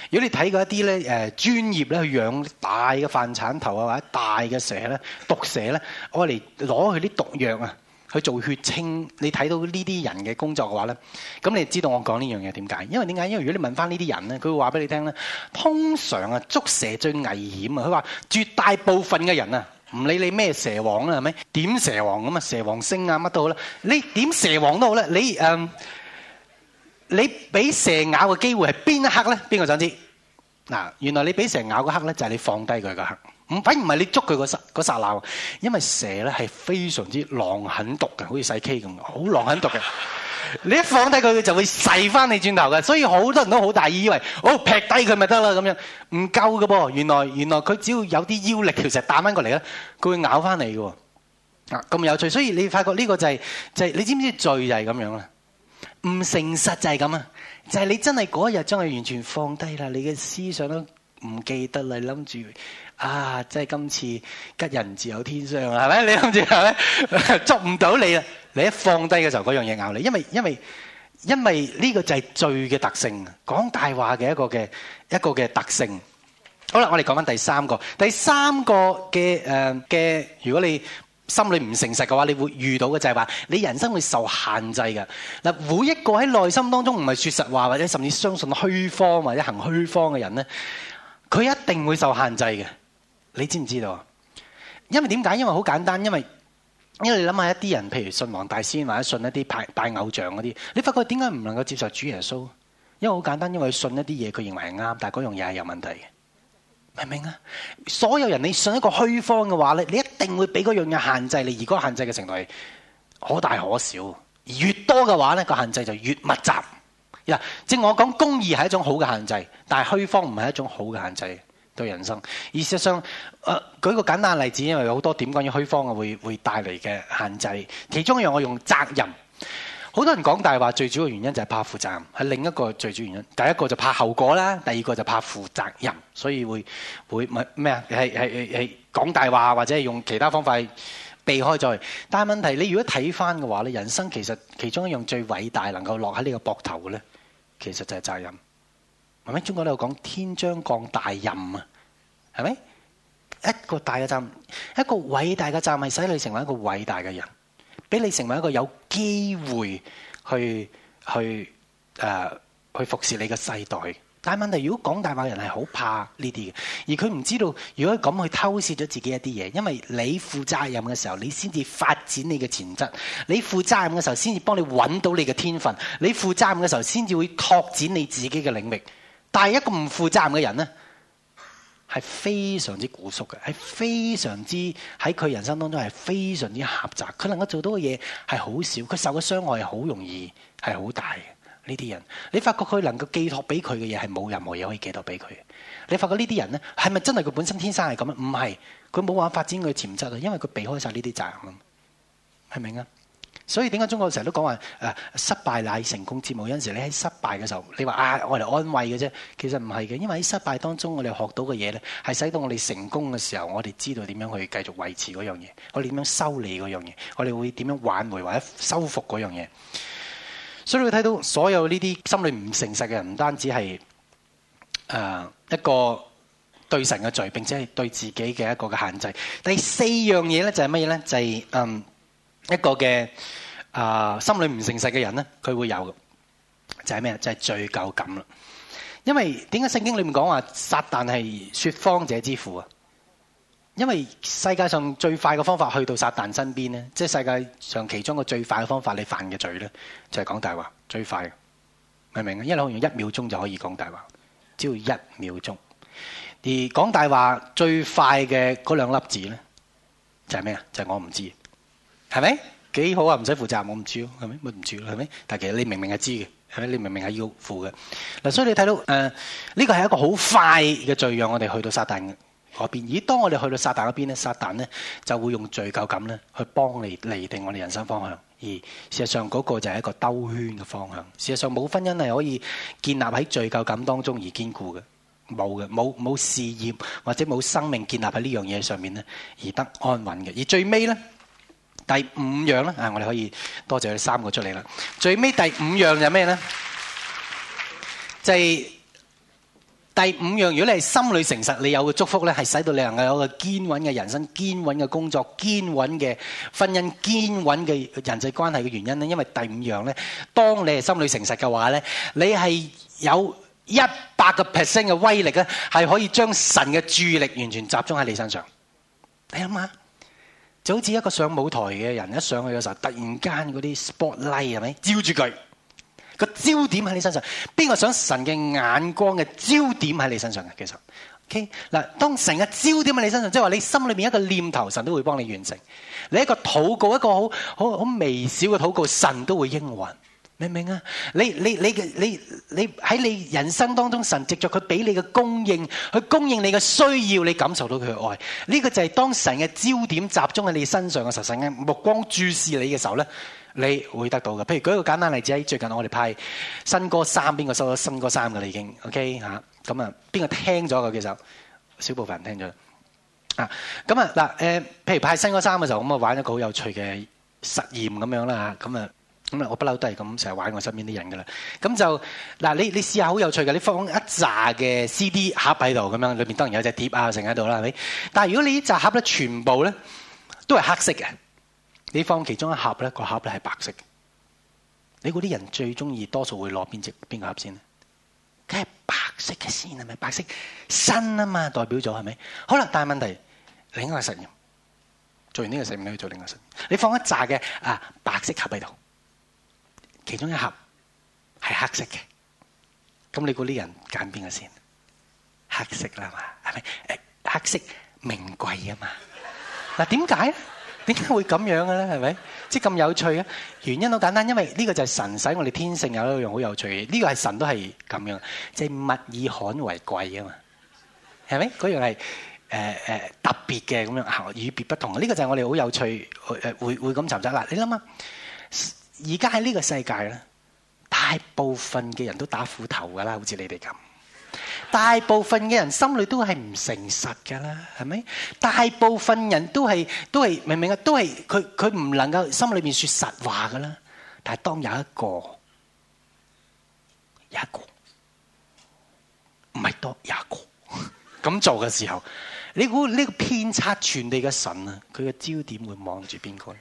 如果你睇過一啲咧誒專業咧去養大嘅飯鏟頭啊，或者大嘅蛇咧，毒蛇咧，我嚟攞佢啲毒藥啊。去做血清，你睇到呢啲人嘅工作嘅話咧，咁你知道我講呢樣嘢點解？因為點解？因為如果你問翻呢啲人咧，佢會話俾你聽咧，通常啊捉蛇最危險啊。佢話絕大部分嘅人啊，唔理你咩蛇王啊，係咪點蛇王咁啊，蛇王星啊乜都好啦，你點蛇王都好咧，你誒、呃、你俾蛇咬嘅機會係邊一刻咧？邊個想知？嗱，原來你俾蛇咬嗰刻咧，就係、是、你放低佢嗰刻。唔，反而唔係你捉佢嗰剎嗰剎，因為蛇咧係非常之狼狠毒嘅，好似細 K 咁，好狼狠毒嘅。 (laughs) 你一放低佢，佢就會噬翻你轉頭嘅。所以好多人都好大意，以為哦劈低佢咪得啦咁樣，唔夠嘅噃。原來原來佢只要有啲腰力，其實打翻過嚟咧，佢會咬翻你嘅。啊，咁有趣。所以你發覺呢個就係就係你知唔知罪就係咁樣？唔誠實就係咁啊！就係你真係嗰一日將佢完全放低啦，你嘅思想都唔記得啦，諗住。啊！即係今次吉人自有天相啊，係咪？你諗住係咪捉唔到你啊？你一放低嘅時候，嗰樣嘢咬你。因為因為因為呢個就係罪嘅特性啊！講大話嘅一個嘅一個嘅特性。好啦，我哋講緊第三個。第三個嘅誒嘅，如果你心裏唔誠實嘅話，你會遇到嘅就係話你人生會受限制嘅嗱。每一個喺內心當中唔係說實話，或者甚至相信虛謊或者行虛謊嘅人咧，佢一定會受限制嘅。你知唔知道？因為點解？因為好簡單，因為因為你諗下一啲人，譬如信黃大仙或者信一啲拜拜偶像嗰啲，你發覺點解唔能夠接受主耶穌？因為好簡單，因為佢信一啲嘢，佢認為係啱，但係嗰樣嘢係有問題嘅。明唔明啊？所有人你信一個虛方嘅話咧，你一定會俾嗰樣嘢限制你，而嗰個限制嘅程度係可大可小，而越多嘅話咧，個限制就越密集。即係我講公義係一種好嘅限制，但係虛方唔係一種好嘅限制。對人生，而事實上，誒、呃、舉個簡單例子，因為有好多點關於虛方嘅會會帶嚟嘅限制。其中一樣我用責任，好多人講大話，最主要原因就係怕負責任，係另一個最主要原因。第一個就怕後果啦，第二個就怕負責任，所以會會乜咩啊？係係講大話，或者係用其他方法避開咗。但係問題，你如果睇翻嘅話，你人生其實其中一樣最偉大能夠落喺你個膊頭嘅咧，其實就係責任。咪喺中國咧，有講天將降大任啊，係咪一個大嘅責任，一個偉大嘅責任，係使你成為一個偉大嘅人，俾你成為一個有機會去去誒、呃、去服侍你嘅世代的。但係問題，如果講大話嘅人係好怕呢啲嘅，而佢唔知道，如果咁去偷竊咗自己一啲嘢，因為你負責任嘅時候，你先至發展你嘅潛質；你負責任嘅時候，先至幫你揾到你嘅天分；你負責任嘅時候，先至會拓展你自己嘅領域。但係一個唔負責任嘅人呢，係非,非常之古縮嘅，係非常之喺佢人生當中係非常之狹窄。佢能夠做到嘅嘢係好少，佢受嘅傷害係好容易，係好大嘅呢啲人。你發覺佢能夠寄託俾佢嘅嘢係冇任何嘢可以寄託俾佢。你發覺呢啲人呢，係咪真係佢本身天生係咁啊？唔係，佢冇辦法發展佢潛質啊，因為佢避開晒呢啲責任啊，係咪啊？所以點解中國成日都講話誒失敗乃成功之母？有陣時你喺失敗嘅時候，你話啊，我嚟安慰嘅啫，其實唔係嘅，因為喺失敗當中，我哋學到嘅嘢咧，係使到我哋成功嘅時候，我哋知道點樣去繼續維持嗰樣嘢，我哋點樣修理嗰樣嘢，我哋會點樣挽回或者修復嗰樣嘢。所以你會睇到所有呢啲心裏唔誠實嘅人，唔單止係誒、呃、一個對神嘅罪，並且係對自己嘅一個嘅限制。第四樣嘢咧就係乜嘢咧？就係、是、嗯。一個嘅啊、呃，心裏唔誠實嘅人咧，佢會有就係咩？就係罪疚感啦。因為點解聖經裏面講話撒旦係説謊者之父啊？因為世界上最快嘅方法去到撒旦身邊咧，即係世界上其中個最快嘅方法，你犯嘅罪咧就係講大話，最快嘅，明唔明啊？因為一兩用一秒鐘就可以講大話，只要一秒鐘。而講大話最快嘅嗰兩粒字咧，就係咩啊？就係我唔知。係咪幾好啊？唔使負責，我唔住咯，係咪？我唔住咯，係咪？但其實你明明係知嘅，係咪？你明明係要負嘅。嗱，所以你睇到誒呢、呃這個係一個好快嘅罪樣，讓我哋去到撒旦嗰邊。而當我哋去到撒旦嗰邊咧，撒旦咧就會用罪疚感咧去幫你釐定我哋人生方向。而事實上嗰個就係一個兜圈嘅方向。事實上冇婚姻係可以建立喺罪疚感當中而堅固嘅，冇嘅，冇冇事業或者冇生命建立喺呢樣嘢上面咧而得安穩嘅。而最尾咧。第五樣咧，啊，我哋可以多謝佢三個出嚟啦。最尾第五樣就係咩咧？就係第五樣。如果你係心裏誠實，你有個祝福咧，係使到你能夠有個堅穩嘅人生、堅穩嘅工作、堅穩嘅婚姻、堅穩嘅人際關係嘅原因咧。因為第五樣咧，當你係心裏誠實嘅話咧，你係有一百個 percent 嘅威力咧，係可以將神嘅注意力完全集中喺你身上。你諗下。就好似一個上舞台嘅人，一上去嘅時候，突然間嗰啲 spotlight 係咪照住佢？個焦點喺你身上，邊個想神嘅眼光嘅焦點喺你身上嘅？其實，OK 嗱，當成個焦點喺你身上，即係話你心裏面一個念頭，神都會幫你完成；你一個禱告，一個好好好微小嘅禱告，神都會應允。你明唔明啊？你你你嘅你你喺你，你人生當中，神藉着佢俾你嘅供應，去供應你嘅需要，你感受到佢嘅愛。呢個就係當神嘅焦點集中喺你身上嘅時候，神嘅目光注視你嘅時候咧，你會得到嘅。譬如舉一個簡單例子喺最近我哋派新歌三，邊個收咗新歌三嘅啦已經，OK 吓咁啊？邊個聽咗嘅？其實小部分人聽咗啊。咁啊嗱，誒、呃，譬如派新歌三嘅時候，咁啊玩一個好有趣嘅實驗咁樣啦吓，咁啊。咁我不嬲都係咁成日玩我身邊啲人噶啦。咁就嗱，你你試下好有趣嘅，你放一紮嘅 CD 盒喺度咁樣，裏邊當然有隻碟啊，成喺度啦，係咪？但係如果你呢紮盒咧全部咧都係黑色嘅，你放其中一盒咧個盒咧係白色嘅，你嗰啲人最中意多數會攞邊隻邊個盒先咧？梗係白色嘅先，係咪？白色新啊嘛，代表咗，係咪？好啦，但係問題另一個實驗，做完呢個實驗你去做另外一個實驗，你放一紮嘅啊白色盒喺度。其中一盒係黑色嘅，咁你估啲人揀邊個先？黑色啦嘛，係咪？誒，黑色名貴啊嘛。嗱，點解咧？點解會咁樣嘅咧？係咪？即係咁有趣啊，原因好簡單，因為呢個就係神使我哋天性有一樣好有趣嘅，呢個係神都係咁樣，即係物以罕為貴啊嘛，係咪？嗰樣係誒誒特別嘅咁樣，與別不同。呢個就係我哋好有趣誒，會會咁尋找。嗱，你諗下。而家喺呢個世界咧，大部分嘅人都打斧頭噶啦，好似你哋咁。大部分嘅人心裏都係唔誠實噶啦，係咪？大部分人都係都係明唔明啊？都係佢佢唔能夠心裏邊説實話噶啦。但係當有一個，有一個唔係多，有一個咁做嘅時候，你估呢個遍察全地嘅神啊，佢嘅焦點會望住邊個咧？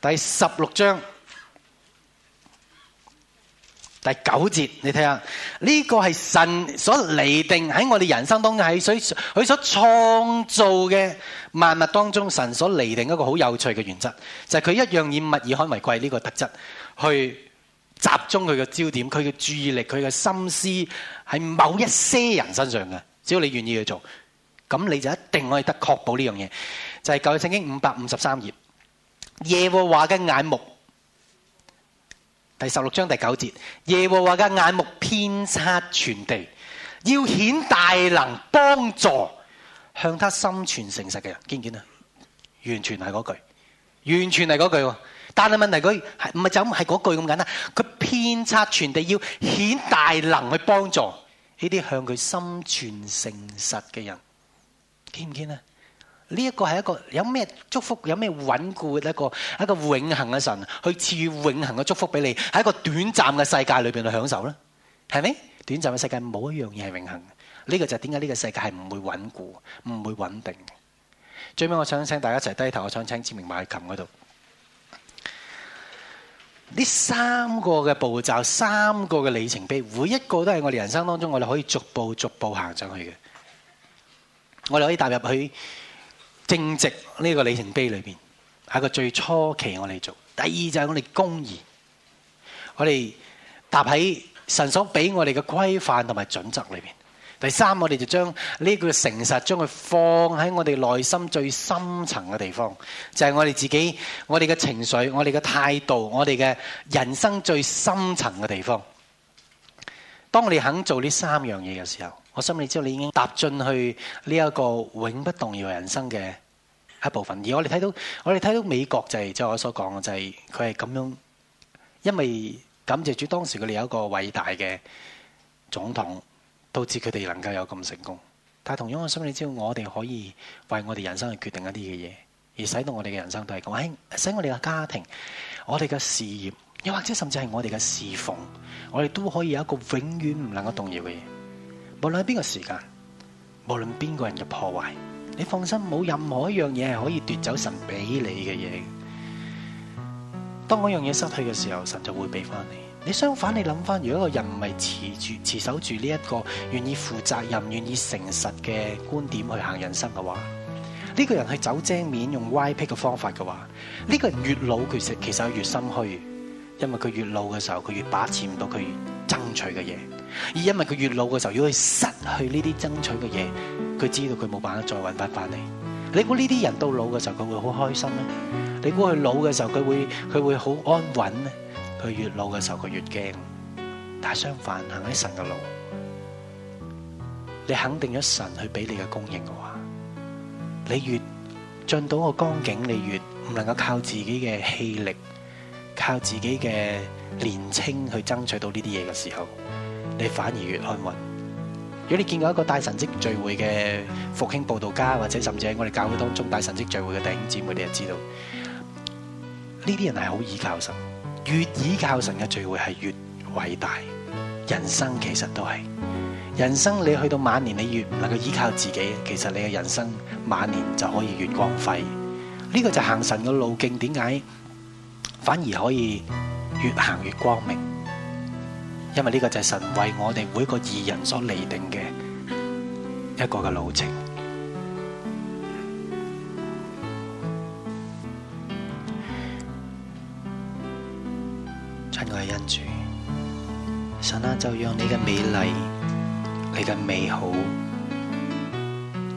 第十六章第九節，你睇下呢個係神所厘定喺我哋人生當中，喺所佢所創造嘅萬物當中，神所厘定一個好有趣嘅原則，就係佢一樣以物以罕為貴呢個特質，去集中佢嘅焦點，佢嘅注意力，佢嘅心思喺某一些人身上嘅。只要你願意去做，咁你就一定可以得確保呢樣嘢，就係舊約聖經五百五十三頁。耶和華嘅眼目，第十六章第九節，耶和華嘅眼目遍察全地，要顯大能幫助向他心存誠實嘅人，見唔見啊？完全係嗰句，完全係嗰句，但係問題，佢唔係就咁，係嗰句咁簡單，佢遍察全地，要顯大能去幫助呢啲向佢心存誠實嘅人，見唔見啊？呢一個係一個有咩祝福，有咩穩固，一個一個永恆嘅神去賜予永恆嘅祝福俾你，喺一個短暫嘅世界裏邊去享受啦，係咪？短暫嘅世界冇一樣嘢係永恆，呢個就係點解呢個世界係唔會穩固、唔會穩定嘅。最尾我想請大家一齊低頭，我想請志明埋琴嗰度。呢三個嘅步驟，三個嘅里程碑，每一個都係我哋人生當中，我哋可以逐步逐步行上去嘅。我哋可以踏入去。正直呢個里程碑裏邊，喺個最初期我哋做。第二就係我哋公義，我哋踏喺神所俾我哋嘅規範同埋準則裏面。第三我哋就將呢個誠實將佢放喺我哋內心最深層嘅地方，就係、是、我哋自己、我哋嘅情緒、我哋嘅態度、我哋嘅人生最深層嘅地方。當你肯做呢三樣嘢嘅時候，我心裏知道你已經踏進去呢一個永不動搖人生嘅一部分。而我哋睇到，我哋睇到美國就係即係我所講嘅，就是，就係佢係咁樣，因為感謝主當時佢哋有一個偉大嘅總統，導致佢哋能夠有咁成功。但係同樣，我心裏知道我哋可以為我哋人生去決定一啲嘅嘢，而使到我哋嘅人生都係咁，使我哋嘅家庭，我哋嘅事業。又或者甚至係我哋嘅侍奉，我哋都可以有一個永遠唔能夠動搖嘅嘢。無論係邊個時間，無論邊個人嘅破壞，你放心，冇任何一樣嘢係可以奪走神俾你嘅嘢。當嗰樣嘢失去嘅時候，神就會俾翻你。你相反，你諗翻，如果一個人唔係持住持守住呢一個願意負責任、願意誠實嘅觀點去行人生嘅話，呢個人係走正面用歪僻嘅方法嘅話，呢個人越老其實其實係越心虛。因為佢越老嘅時候，佢越把持唔到佢爭取嘅嘢。而因為佢越老嘅時候，如果佢失去呢啲爭取嘅嘢，佢知道佢冇辦法再搵翻翻嚟。你估呢啲人到老嘅時候，佢會好開心咩？你估佢老嘅時候，佢會佢會好安穩咩？佢越老嘅時候，佢越驚。但係相反，行喺神嘅路，你肯定咗神去俾你嘅供應嘅話，你越進到個光景，你越唔能夠靠自己嘅氣力。靠自己嘅年青去爭取到呢啲嘢嘅時候，你反而越安穩。如果你見過一個大神蹟聚會嘅復興報道家，或者甚至係我哋教會當中大神蹟聚會嘅弟兄姊妹，你都知道呢啲人係好倚靠神，越倚靠神嘅聚會係越偉大。人生其實都係，人生你去到晚年，你越唔能夠依靠自己，其實你嘅人生晚年就可以越光輝。呢、這個就是行神嘅路徑，點解？反而可以越行越光明，因為呢個就係神為我哋每個二人所釐定嘅一個嘅路程。親愛的恩主，神啊，就讓你嘅美麗、你嘅美好、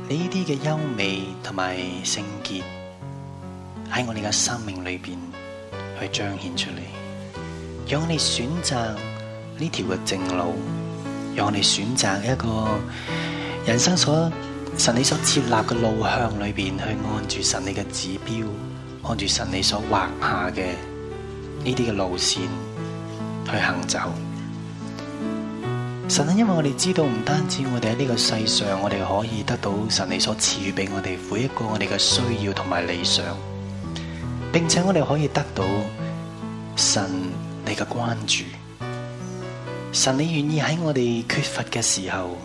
你呢啲嘅優美同埋聖潔，喺我哋嘅生命裏邊。去彰顯出嚟，讓我哋選擇呢條嘅正路，讓我哋選擇一個人生所神你所設立嘅路向裏邊去按住神你嘅指標，按住神你所畫下嘅呢啲嘅路綫去行走。神因為我哋知道，唔單止我哋喺呢個世上，我哋可以得到神你所賜予俾我哋每一個我哋嘅需要同埋理想。並且我哋可以得到神你嘅關注，神你願意喺我哋缺乏嘅時候，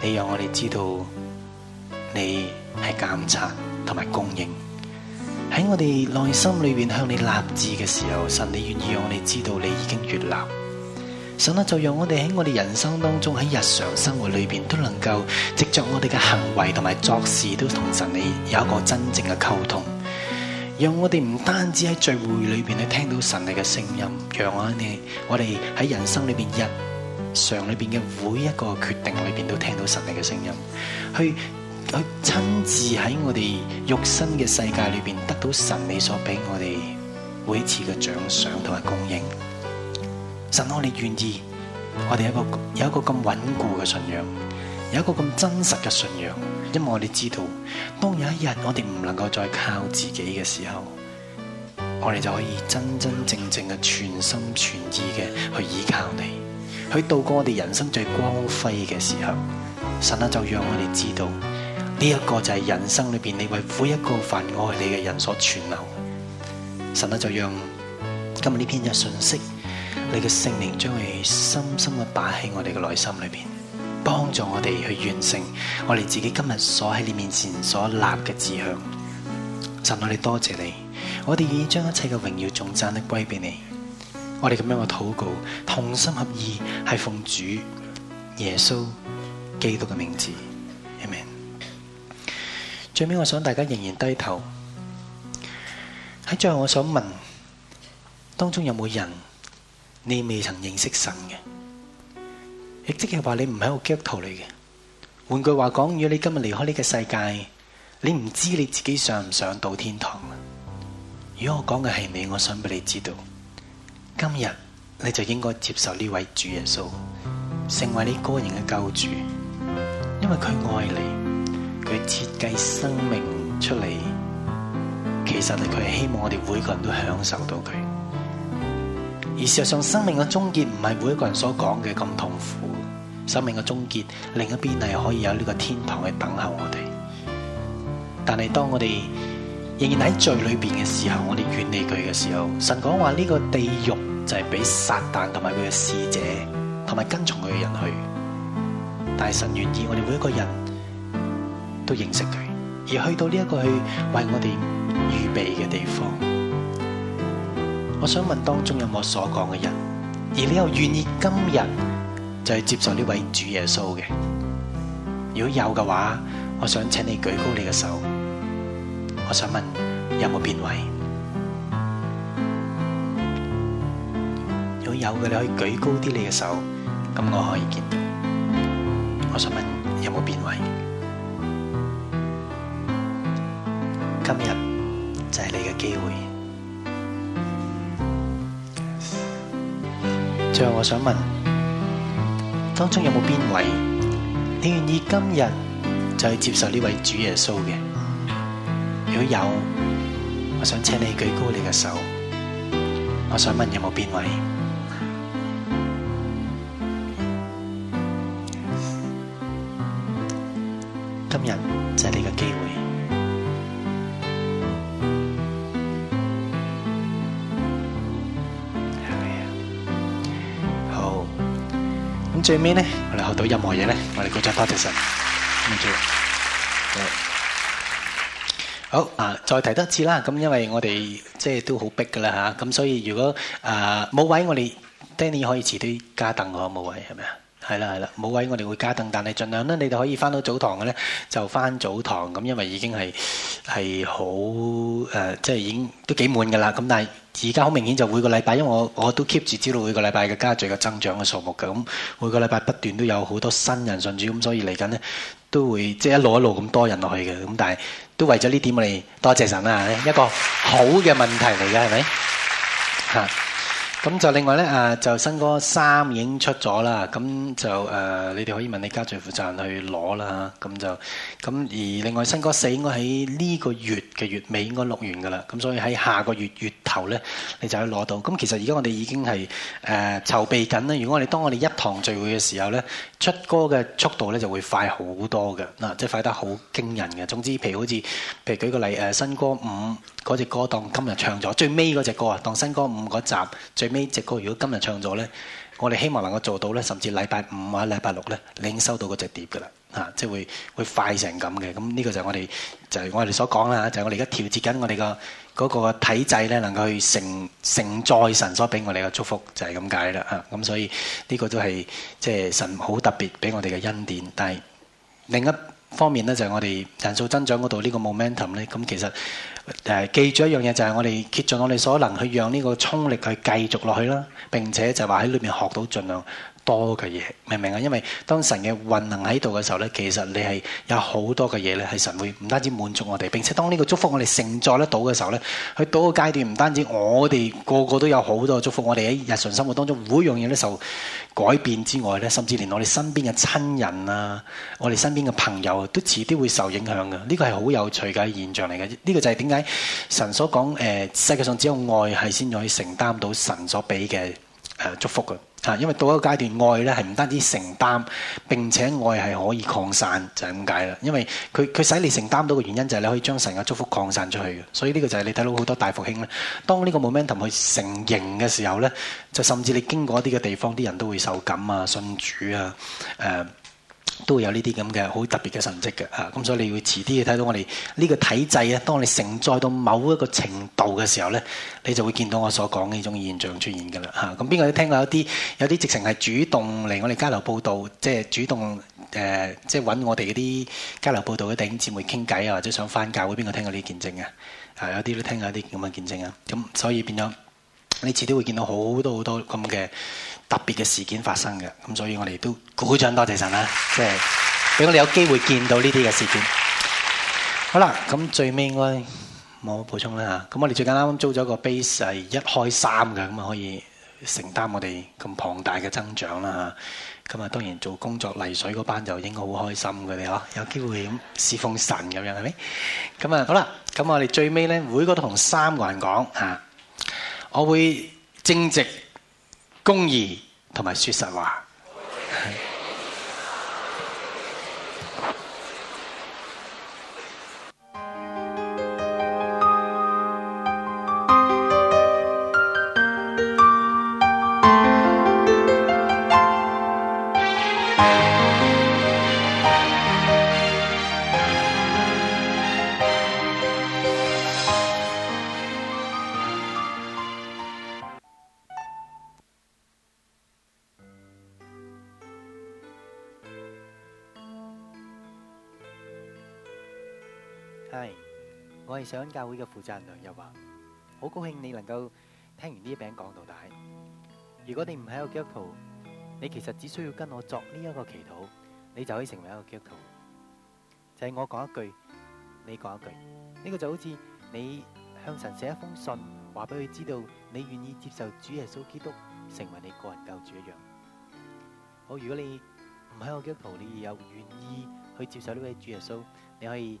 你讓我哋知道你係監察同埋供應。喺我哋內心裏面向你立志嘅時候，神你願意讓我哋知道你已經悅納。神啊，就讓我哋喺我哋人生當中，喺日常生活裏邊都能夠藉着我哋嘅行為同埋作事，都同神你有一個真正嘅溝通。讓我哋唔單止喺聚會裏邊去聽到神你嘅聲音，讓我哋我哋喺人生裏邊、日常裏邊嘅每一個決定裏邊都聽到神你嘅聲音，去去親自喺我哋肉身嘅世界裏邊得到神你所俾我哋每一次嘅獎賞同埋供應。神我哋願意，我哋一個有一個咁穩固嘅信仰。有一個咁真實嘅信仰，因為我哋知道，當有一日我哋唔能夠再靠自己嘅時候，我哋就可以真真正正嘅全心全意嘅去依靠你，去度過我哋人生最光輝嘅時候。神啊，就讓我哋知道呢一個就係人生裏邊你為每一個凡愛你嘅人所存留。神啊，就讓今日呢篇嘅信息，你嘅聖靈將會深深嘅擺喺我哋嘅內心裏邊。幫助我哋去完成我哋自己今日所喺你面前所立嘅志向，神我哋多謝,謝你，我哋已經將一切嘅榮耀頌讚都歸俾你，我哋咁樣嘅禱告，同心合意係奉主耶穌基督嘅名字，阿門。最尾我想大家仍然低頭，喺最後我想問，當中有冇人你未曾認識神嘅？亦即係話你唔係一個基督徒嚟嘅。換句話講，如果你今日離開呢個世界，你唔知你自己想唔想到天堂。如果我講嘅係你，我想俾你知道，今日你就應該接受呢位主耶穌，成為你個人嘅救主，因為佢愛你，佢設計生命出嚟，其實佢係希望我哋每個人都享受到佢。而事實上，生命嘅終結唔係每一個人所講嘅咁痛苦。生命嘅終結，另一邊係可以有呢個天堂去等候我哋。但係當我哋仍然喺罪裏面嘅時候，我哋遠離佢嘅時候，神講話呢個地獄就係俾撒旦同埋佢嘅使者同埋跟從佢嘅人去。但係神願意我哋每一個人都認識佢，而去到呢一個去為我哋預備嘅地方。我想問當中有冇所講嘅人，而你又願意今日？就係接受呢位主耶穌嘅。如果有嘅話，我想請你舉高你嘅手。我想問你有冇變位？如果有嘅，你可以舉高啲你嘅手，咁我可以見到。我想問你有冇變位？今日就係你嘅機會。最後我想問。當中有冇邊位？你願意今日就係接受呢位主耶穌嘅？如果有，我想請你舉高你嘅手。我想問有冇邊位？最尾咧，我哋學到任何嘢咧，我哋鼓掌多謝神。唔該。好啊，再提多一次啦。咁因為我哋即係都好逼㗎喇吓，咁所以如果啊冇位，我哋 Danny 可以遲啲加凳呵，冇位係咪啊？係啦，係啦，冇位我哋會加凳，但係盡量咧，你就可以返到早堂嘅咧，就返早堂咁，因為已經係係好誒，即係已經都幾滿㗎啦。咁但係而家好明顯就每個禮拜，因為我我都 keep 住知道每個禮拜嘅加聚嘅增長嘅數目㗎。咁每個禮拜不斷都有好多新人信主，咁所以嚟緊咧都會即係一路一路咁多人落去嘅。咁但係都為咗呢點我哋多謝神啦，一個好嘅問題嚟㗎，係咪？咁就另外咧，誒、啊、就新歌三已經出咗啦，咁就誒、啊、你哋可以問你家長負責人去攞啦，咁就咁、啊、而另外新歌四應該喺呢個月嘅月尾應該錄完噶啦，咁所以喺下個月月頭咧你就去攞到。咁其實而家我哋已經係誒、啊、籌備緊啦。如果我哋當我哋一堂聚會嘅時候咧，出歌嘅速度咧就會快好多嘅，嗱即係快得好驚人嘅。總之，譬如好似譬如舉個例誒、啊，新歌五嗰隻歌當今日唱咗，最尾嗰隻歌啊當新歌五嗰集最尾隻歌，如果今日唱咗咧，我哋希望能夠做到咧，甚至禮拜五或者禮拜六咧，你已經收到嗰隻碟噶啦，嚇！即係會會快成咁嘅。咁呢個就係我哋就係我哋所講啦，就係我哋而家調節緊我哋個嗰個體制咧，能夠去承承載神所俾我哋嘅祝福，就係咁解啦。嚇！咁所以呢個都係即係神好特別俾我哋嘅恩典，但係另一方面咧就係我哋人數增長嗰度呢個 momentum 咧，咁其實誒記住一樣嘢就係我哋竭盡我哋所能去讓呢個衝力去繼續落去啦，並且就話喺裏面學到盡量。多嘅嘢，明唔明啊？因為當神嘅運行喺度嘅時候咧，其實你係有好多嘅嘢咧，係神會唔單止滿足我哋，並且當呢個祝福我哋承載得到嘅時候咧，去到個階段，唔單止我哋個個都有好多祝福，我哋喺日常生活當中每樣嘢都受改變之外咧，甚至連我哋身邊嘅親人啊、我哋身邊嘅朋友都遲啲會受影響嘅，呢個係好有趣嘅現象嚟嘅。呢個就係點解神所講誒、呃，世界上只有愛係先至可以承擔到神所俾嘅誒祝福嘅。因為到一個階段，愛咧係唔單止承擔，並且愛係可以擴散，就係咁解啦。因為佢佢使你承擔到嘅原因就係你可以將神嘅祝福擴散出去嘅。所以呢個就係你睇到好多大復興咧。當呢個 momentum 去成形嘅時候咧，就甚至你經過一啲嘅地方，啲人都會受感啊、信主啊、誒、呃。都會有呢啲咁嘅好特別嘅神跡嘅嚇，咁所以你要遲啲去睇到我哋呢個體制咧，當我哋承載到某一個程度嘅時候咧，你就會見到我所講嘅呢種現象出現嘅啦嚇。咁邊個都聽過有啲有啲有啲直情係主動嚟我哋交流報道，即係主動誒，即係揾我哋嗰啲交流報道嘅弟兄姊妹傾偈啊，或者想翻教會，邊個聽過呢啲見證嘅？係有啲都聽過一啲咁嘅見證啊，咁所以變咗你遲啲會見到好多好多咁嘅。特別嘅事件發生嘅，咁所以我哋都鼓掌多謝神啦，即係俾我哋有機會見到呢啲嘅事件。 (laughs) 好啦，咁最尾應該冇補充啦嚇。咁我哋最近啱啱租咗個 base 係一開三嘅，咁啊可以承擔我哋咁龐大嘅增長啦嚇。咁啊當然做工作泥水嗰班就應該好開心佢哋嗬，有機會咁侍奉神咁樣係咪？咁啊好啦，咁我哋最尾咧每個都同三個人講嚇，我會正直、公義同埋說實話。係，我係上恩教會嘅負責人梁日華，好高興你能夠聽完呢一篇講道帶。如果你唔係一個基督徒，你其實只需要跟我作呢一個祈禱，你就可以成為一個基督徒。就係我講一句，你講一句，呢個就好似你向神寫一封信，話俾佢知道你願意接受主耶穌基督成為你個人救主一樣。好，如果你唔係一個基督徒，你又願意去接受呢位主耶穌，你可以。